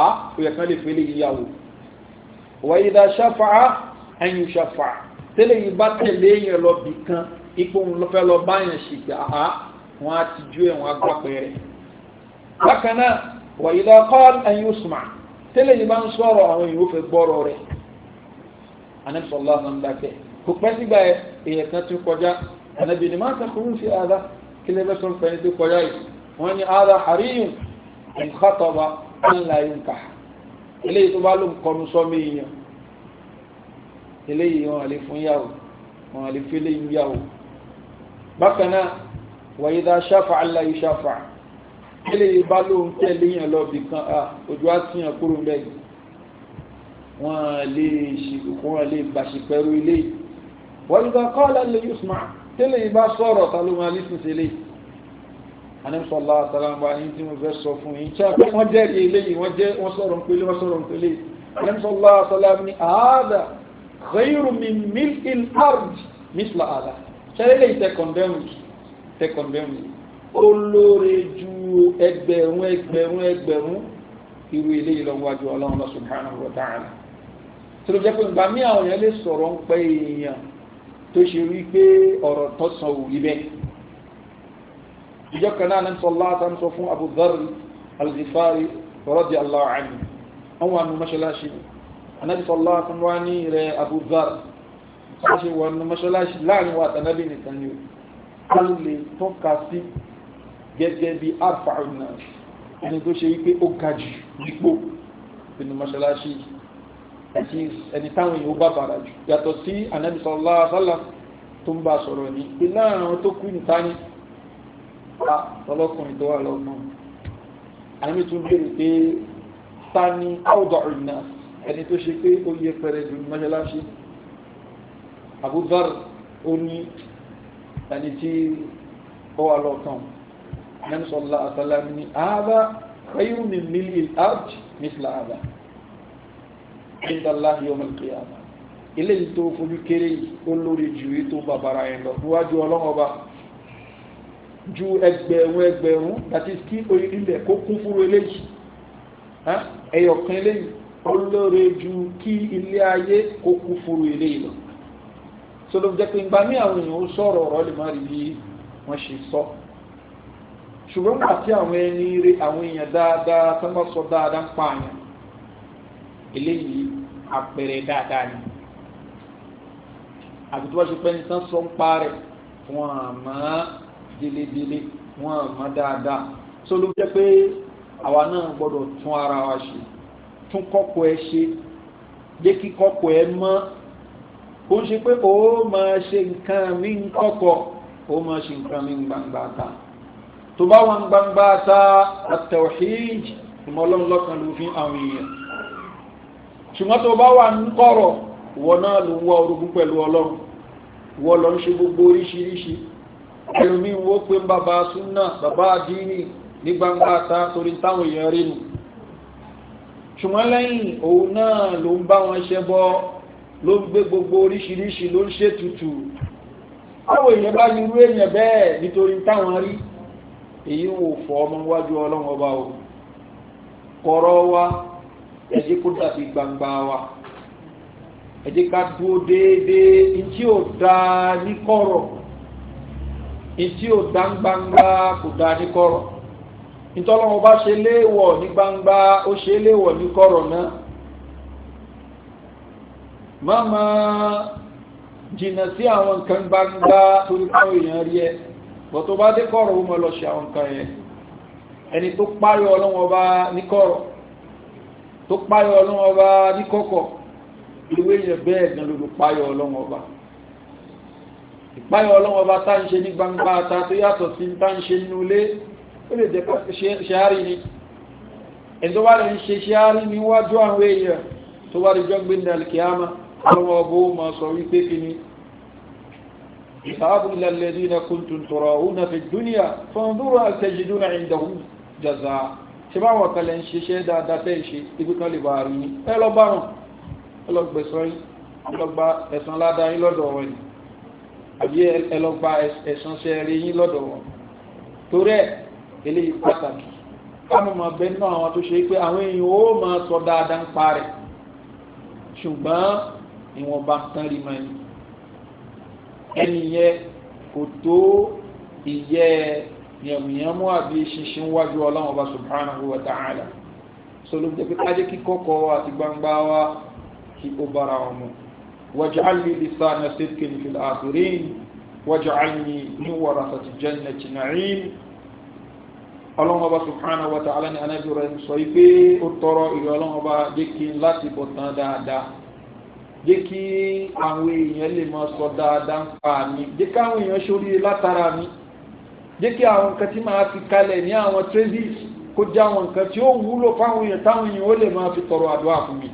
S1: á òyà kan lè fẹ́ lè yíyàwó wa idha shafa'a an yushafa'a tẹ́lẹ̀ yìí bá tẹ̀lé yẹn lọ bì kan ipò ńlọfẹ́ lọ bá yẹn ṣìgbà á wọn á ti ju ẹ̀wọ̀n agbápẹ́ rẹ̀. bákan náà wa idha qala an yusma tẹ́lẹ̀ yìí bá ń sọ̀rọ̀ àwọn èèyàn ó fẹ́ gbọ́rọ̀ rẹ̀ anabi sallallahu alaihi wasallam kò pẹ́ sígbà èèyàn kan ti kọjá anabi ni máa ń sàkóyún àdá kílẹ̀ bẹ́ sọ fẹ́ni tó kọjá yìí wọ́n ní eléyìí tó bá ló kọnu sọmi èèyàn eléyìí wọn àlè fún yàwó wọn àlè fẹlẹ yìí yàwó bákan náà wàyí dá ṣáfà aláyé ṣáfà eléyìí bá ló ń tẹ̀lé yàn lọ bì kan a ojú á tìyàn kúrò bẹ́ẹ̀ wọn lè ṣìkò wọn lè gbàṣìpẹ̀rù eléyìí wàyí dá kọ́ ọ̀la lè yusma tẹ́lẹ̀ yìí bá sọ̀rọ̀ ta ló máa lísìn sí eléyìí anamisọlá asalamba yín tí mo fẹ́ sọ fún yín tí a pé wọ́n jẹ́rìí eléyìí wọ́n jẹ́ wọ́n sọ̀rọ̀ npele wọ́n sọ̀rọ̀ npele anamisọlá asalamba ni àádà ghayru min mil'il ard misla àádà sẹ́lẹ̀ yìí tẹ kọ̀ndẹ́mù tẹ kọ̀ndẹ́mù olóore ju ẹgbẹ̀rún ẹgbẹ̀rún ẹgbẹ̀rún irú eléyìí lọ wájú ọlọ́run subhanahu wa ta'ala tí ló pé gbà mí àwọn yẹn lè sọ̀rọ̀ ń pẹ́ èèyàn tó ṣe wí pé ọ̀rọ̀ tọ́sán òwì bẹ́ẹ̀ ìjọ kan náà ní sọlá tán sọ fún Abu Dharr al-Ghifari radiyallahu anhu wọn wà nù mọ́ṣáláṣí anabi sọlá tán wá ní rẹ Abu Dharr ṣe wà nù mọ́ṣáláṣí láàrin ẹni táwọn èèyàn bá bàrà jù yàtọ̀ sí anabi sálà tó ń bá sọ̀rọ̀ ní pé tó kú nìta pa ọlọ́kùnrin tó wà lọ́nà àmì tún béèrè pé ta ni áwùdọ̀ ìrìnà ẹni tó ṣe pé ó yẹ pẹrẹ jù mọ́ṣáláṣí Abudar ó ní ẹni tí ó wà lọ́kàn mẹ́nsọ́lá àtàlámi ni ààbá khayrun min mil'il ard mithla ààbá indallah yawm al-qiyamah ilé yìí tó fojú kéré yìí ó lórí bàbára ẹ̀ lọ níwájú ọlọ́wọ́ bá ju ẹgbẹ̀rún ẹgbẹ̀rún that is kí ilẹ̀ kó kún fúru eléyìí ẹyọkan eléyìí olóore ju kí ilé ayé kó kún fúru eléyìí lọ sọlọ jẹ pé ngbà mí àwọn èèyàn ó sọ̀rọ̀ ọ̀rọ̀ lè má rí bí wọn ṣe sọ ṣùgbọ́n nígbà tí àwọn ẹni rẹ àwọn èèyàn dáadáa tó ń sọ dáadáa ń pa àyàn eléyìí àpẹẹrẹ dáadáa ni àbí tí wọ́n ṣe pẹ́ ní sàn sọ ń pa rẹ̀ wọ́n àmọ́ délédélé wọn mọ̀ dáadáa so ló jẹ́ pé àwa náà gbọ́dọ̀ tún ara wa ṣe tún kọ́kọ́ ẹ ṣe jẹ́ kí kọ́kọ́ ẹ mọ́ kó ń ṣe pé ó máa ṣe nǹkan mí ń kọ́kọ́ ó máa ṣe nǹkan mí ń gbangba ta tó bá wọn gbangba ta at-tawhid ló fi àwọn èèyàn ṣùgbọ́n tó bá wà ń kọ̀rọ̀ wọ náà ló ń wá orogún pẹ̀lú ọlọ́run wọ lọ ń ṣe gbogbo oríṣiríṣi ẹlòmí wo pé bàbá súnà bàbá àdínì ní gbangba ta torí táwọn èèyàn rí nu ṣùgbọ́n lẹ́yìn òun náà ló ń bá wọn ṣe bọ́ ló ń gbé gbogbo oríṣiríṣi ló ń ṣètùtù àwọn èèyàn bá ní irú èèyàn bẹ́ẹ̀ nítorí táwọn rí èyí wò fọ ọmọ wájú ọlọ́run ọba o kọ̀rọ̀ wa ẹ kó dàbí gbangba wa ẹ ká dúró déédéé ntí ò dáa ní kọ̀rọ̀ etí ò dá gbangba kò dá ní kọ̀rọ̀ ìtọ́lọ́wọ́ bá ṣe léèwọ̀ ní gbangba ó ṣe léèwọ̀ ní kọ̀rọ̀ náà má máa jìnnà sí àwọn nǹkan gbangba torí káwọn èèyàn rí ẹ bọ́ tó bá dé kọ̀rọ̀ ó mọ̀ lọ ṣe àwọn nǹkan yẹn ẹni tó páyọ̀ ọlọ́wọ́ bá ní kọ̀rọ̀ tó páyọ̀ ọlọ́wọ́ bá ní kọ̀kọ̀ ìwé yẹn bẹ́ẹ̀ gan ló ló páyọ̀ ọlọ́wọ́ bá ìpáyọ̀ ọlọ́wọ́ bá tá ń ṣe ní gbangba ta tó yàtọ̀ sí tá ń ṣe nínú ilé ó lè jẹ́ ṣeárí ni ẹ̀tọ́ bá lè ṣe ṣeárí níwájú àwọn èèyàn tó bá lè jọ gbé ọlọ́wọ́ bó ma sọ wípé kí ni ìsáàbù ìlàlẹ́dí na kùntùn tọrọ òun fi dúníà tó ń dúró àtẹjìdú na jaza ṣe bá wọn kalẹ̀ ń ṣiṣẹ́ dáadáa tẹ́ ṣe ibi kan lè bá rí ẹ lọ bá wọn ẹ̀sán ládàá yín lọ́dọ̀ wọn ni àbí ẹ lọ gba ẹ̀san ṣe rí yín lọ́dọ̀ wọn torí ẹ̀ eléyìí pàtàkì káwọn máa bẹ nínú àwọn tó ṣe pé àwọn èèyàn ó máa sọ dáadáa ń pa rẹ̀ ṣùgbọ́n ìwọ̀nba tán rí mọ́ ẹni ẹni yẹn kò tó ìyẹ́ yẹ̀mùyẹ̀mú àbí ṣinṣin wájú ọlọ́run ọba subhanahu wa ta'ala sọlọ́gbẹ́pẹ́ kájẹ́ kíkọ́kọ́ àti gbangba wa kí ó bára wọn mọ́. واجعل لي لسان صدق في الآخرين واجعلني من ورثة جنة نعيم ọlọ́run ọba subhanahu wa ta'ala ni anabi rẹ̀ sọ pé ó tọrọ ìrẹ̀ ọlọ́run ọba jẹ́ kí n láti bọ̀ tán dáadáa jẹ́ kí àwọn èèyàn lè máa sọ dáadáa ń pa mi jẹ́ kí àwọn èèyàn ṣoríire látara mi jẹ́ kí àwọn nǹkan tí máa fi kalẹ̀ ní àwọn travis kó jẹ́ àwọn nǹkan tí ó wúlò fáwọn èèyàn táwọn èèyàn ó lè máa fi tọrọ àdúrà fún mi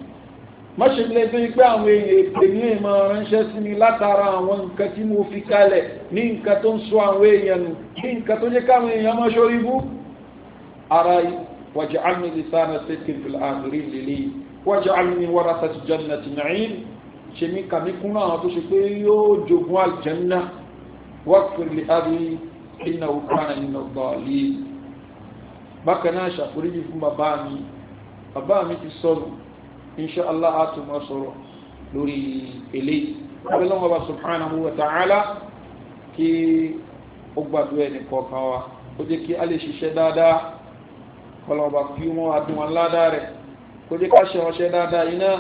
S1: mọ́ṣe lè tó ipé àwọn èyè pè ní ìmọ̀ ránṣẹ́ sí mi látara àwọn nǹkan tí mo fi kalẹ̀ ní nǹkan tó ń sọ àwọn èèyàn nù ní nǹkan tó jẹ́ káwọn èèyàn mọ́ ṣorí bú ara waj'alni lisana sidqin fil akhirin lílé waj'alni warasati jannati na'im ṣe mí kàmí kún àwọn tó ṣe pé yóò jogun aljanna waghfir li abi innahu kana bọ̀ọ̀lì bákan náà ṣàforíjì fún bàbá mi bàbá mi ti sọ̀rọ̀ inṣàlá àtúmọ̀ sọ̀rọ̀ lórí eléyìí abẹ́lẹ́wọ̀n ọba subhanahu wa ta'ala kí ó gbàdúrà ẹnì kọ̀ọ̀kan wa ó jẹ́ kí a lè ṣiṣẹ́ dáadáa kọlọ̀ ọba fi wọn adùnmọ̀ ládàá rẹ̀ ó jẹ́ ká ṣe ọṣẹ́ dáadáa iná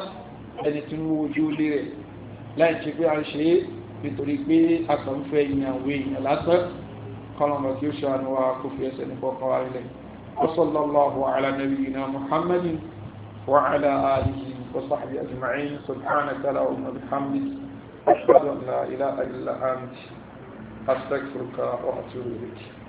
S1: ẹni tí ó wojú lé rẹ̀ láì ṣe pé a ṣe é nítorí pé a kàn fẹ́ ìyàn wé ìyàn lásán kọlọ̀ ọba kí ṣe àánú wa kó fi ẹsẹ̀ ní kọ̀ọ̀kan wa rẹ̀ wa sallallahu ala nabiyyina Muhammadin وعلى آله وصحبه أجمعين سبحانك اللهم وبحمدك أشهد أن لا إله إلا أنت أستغفرك وأتوب إليك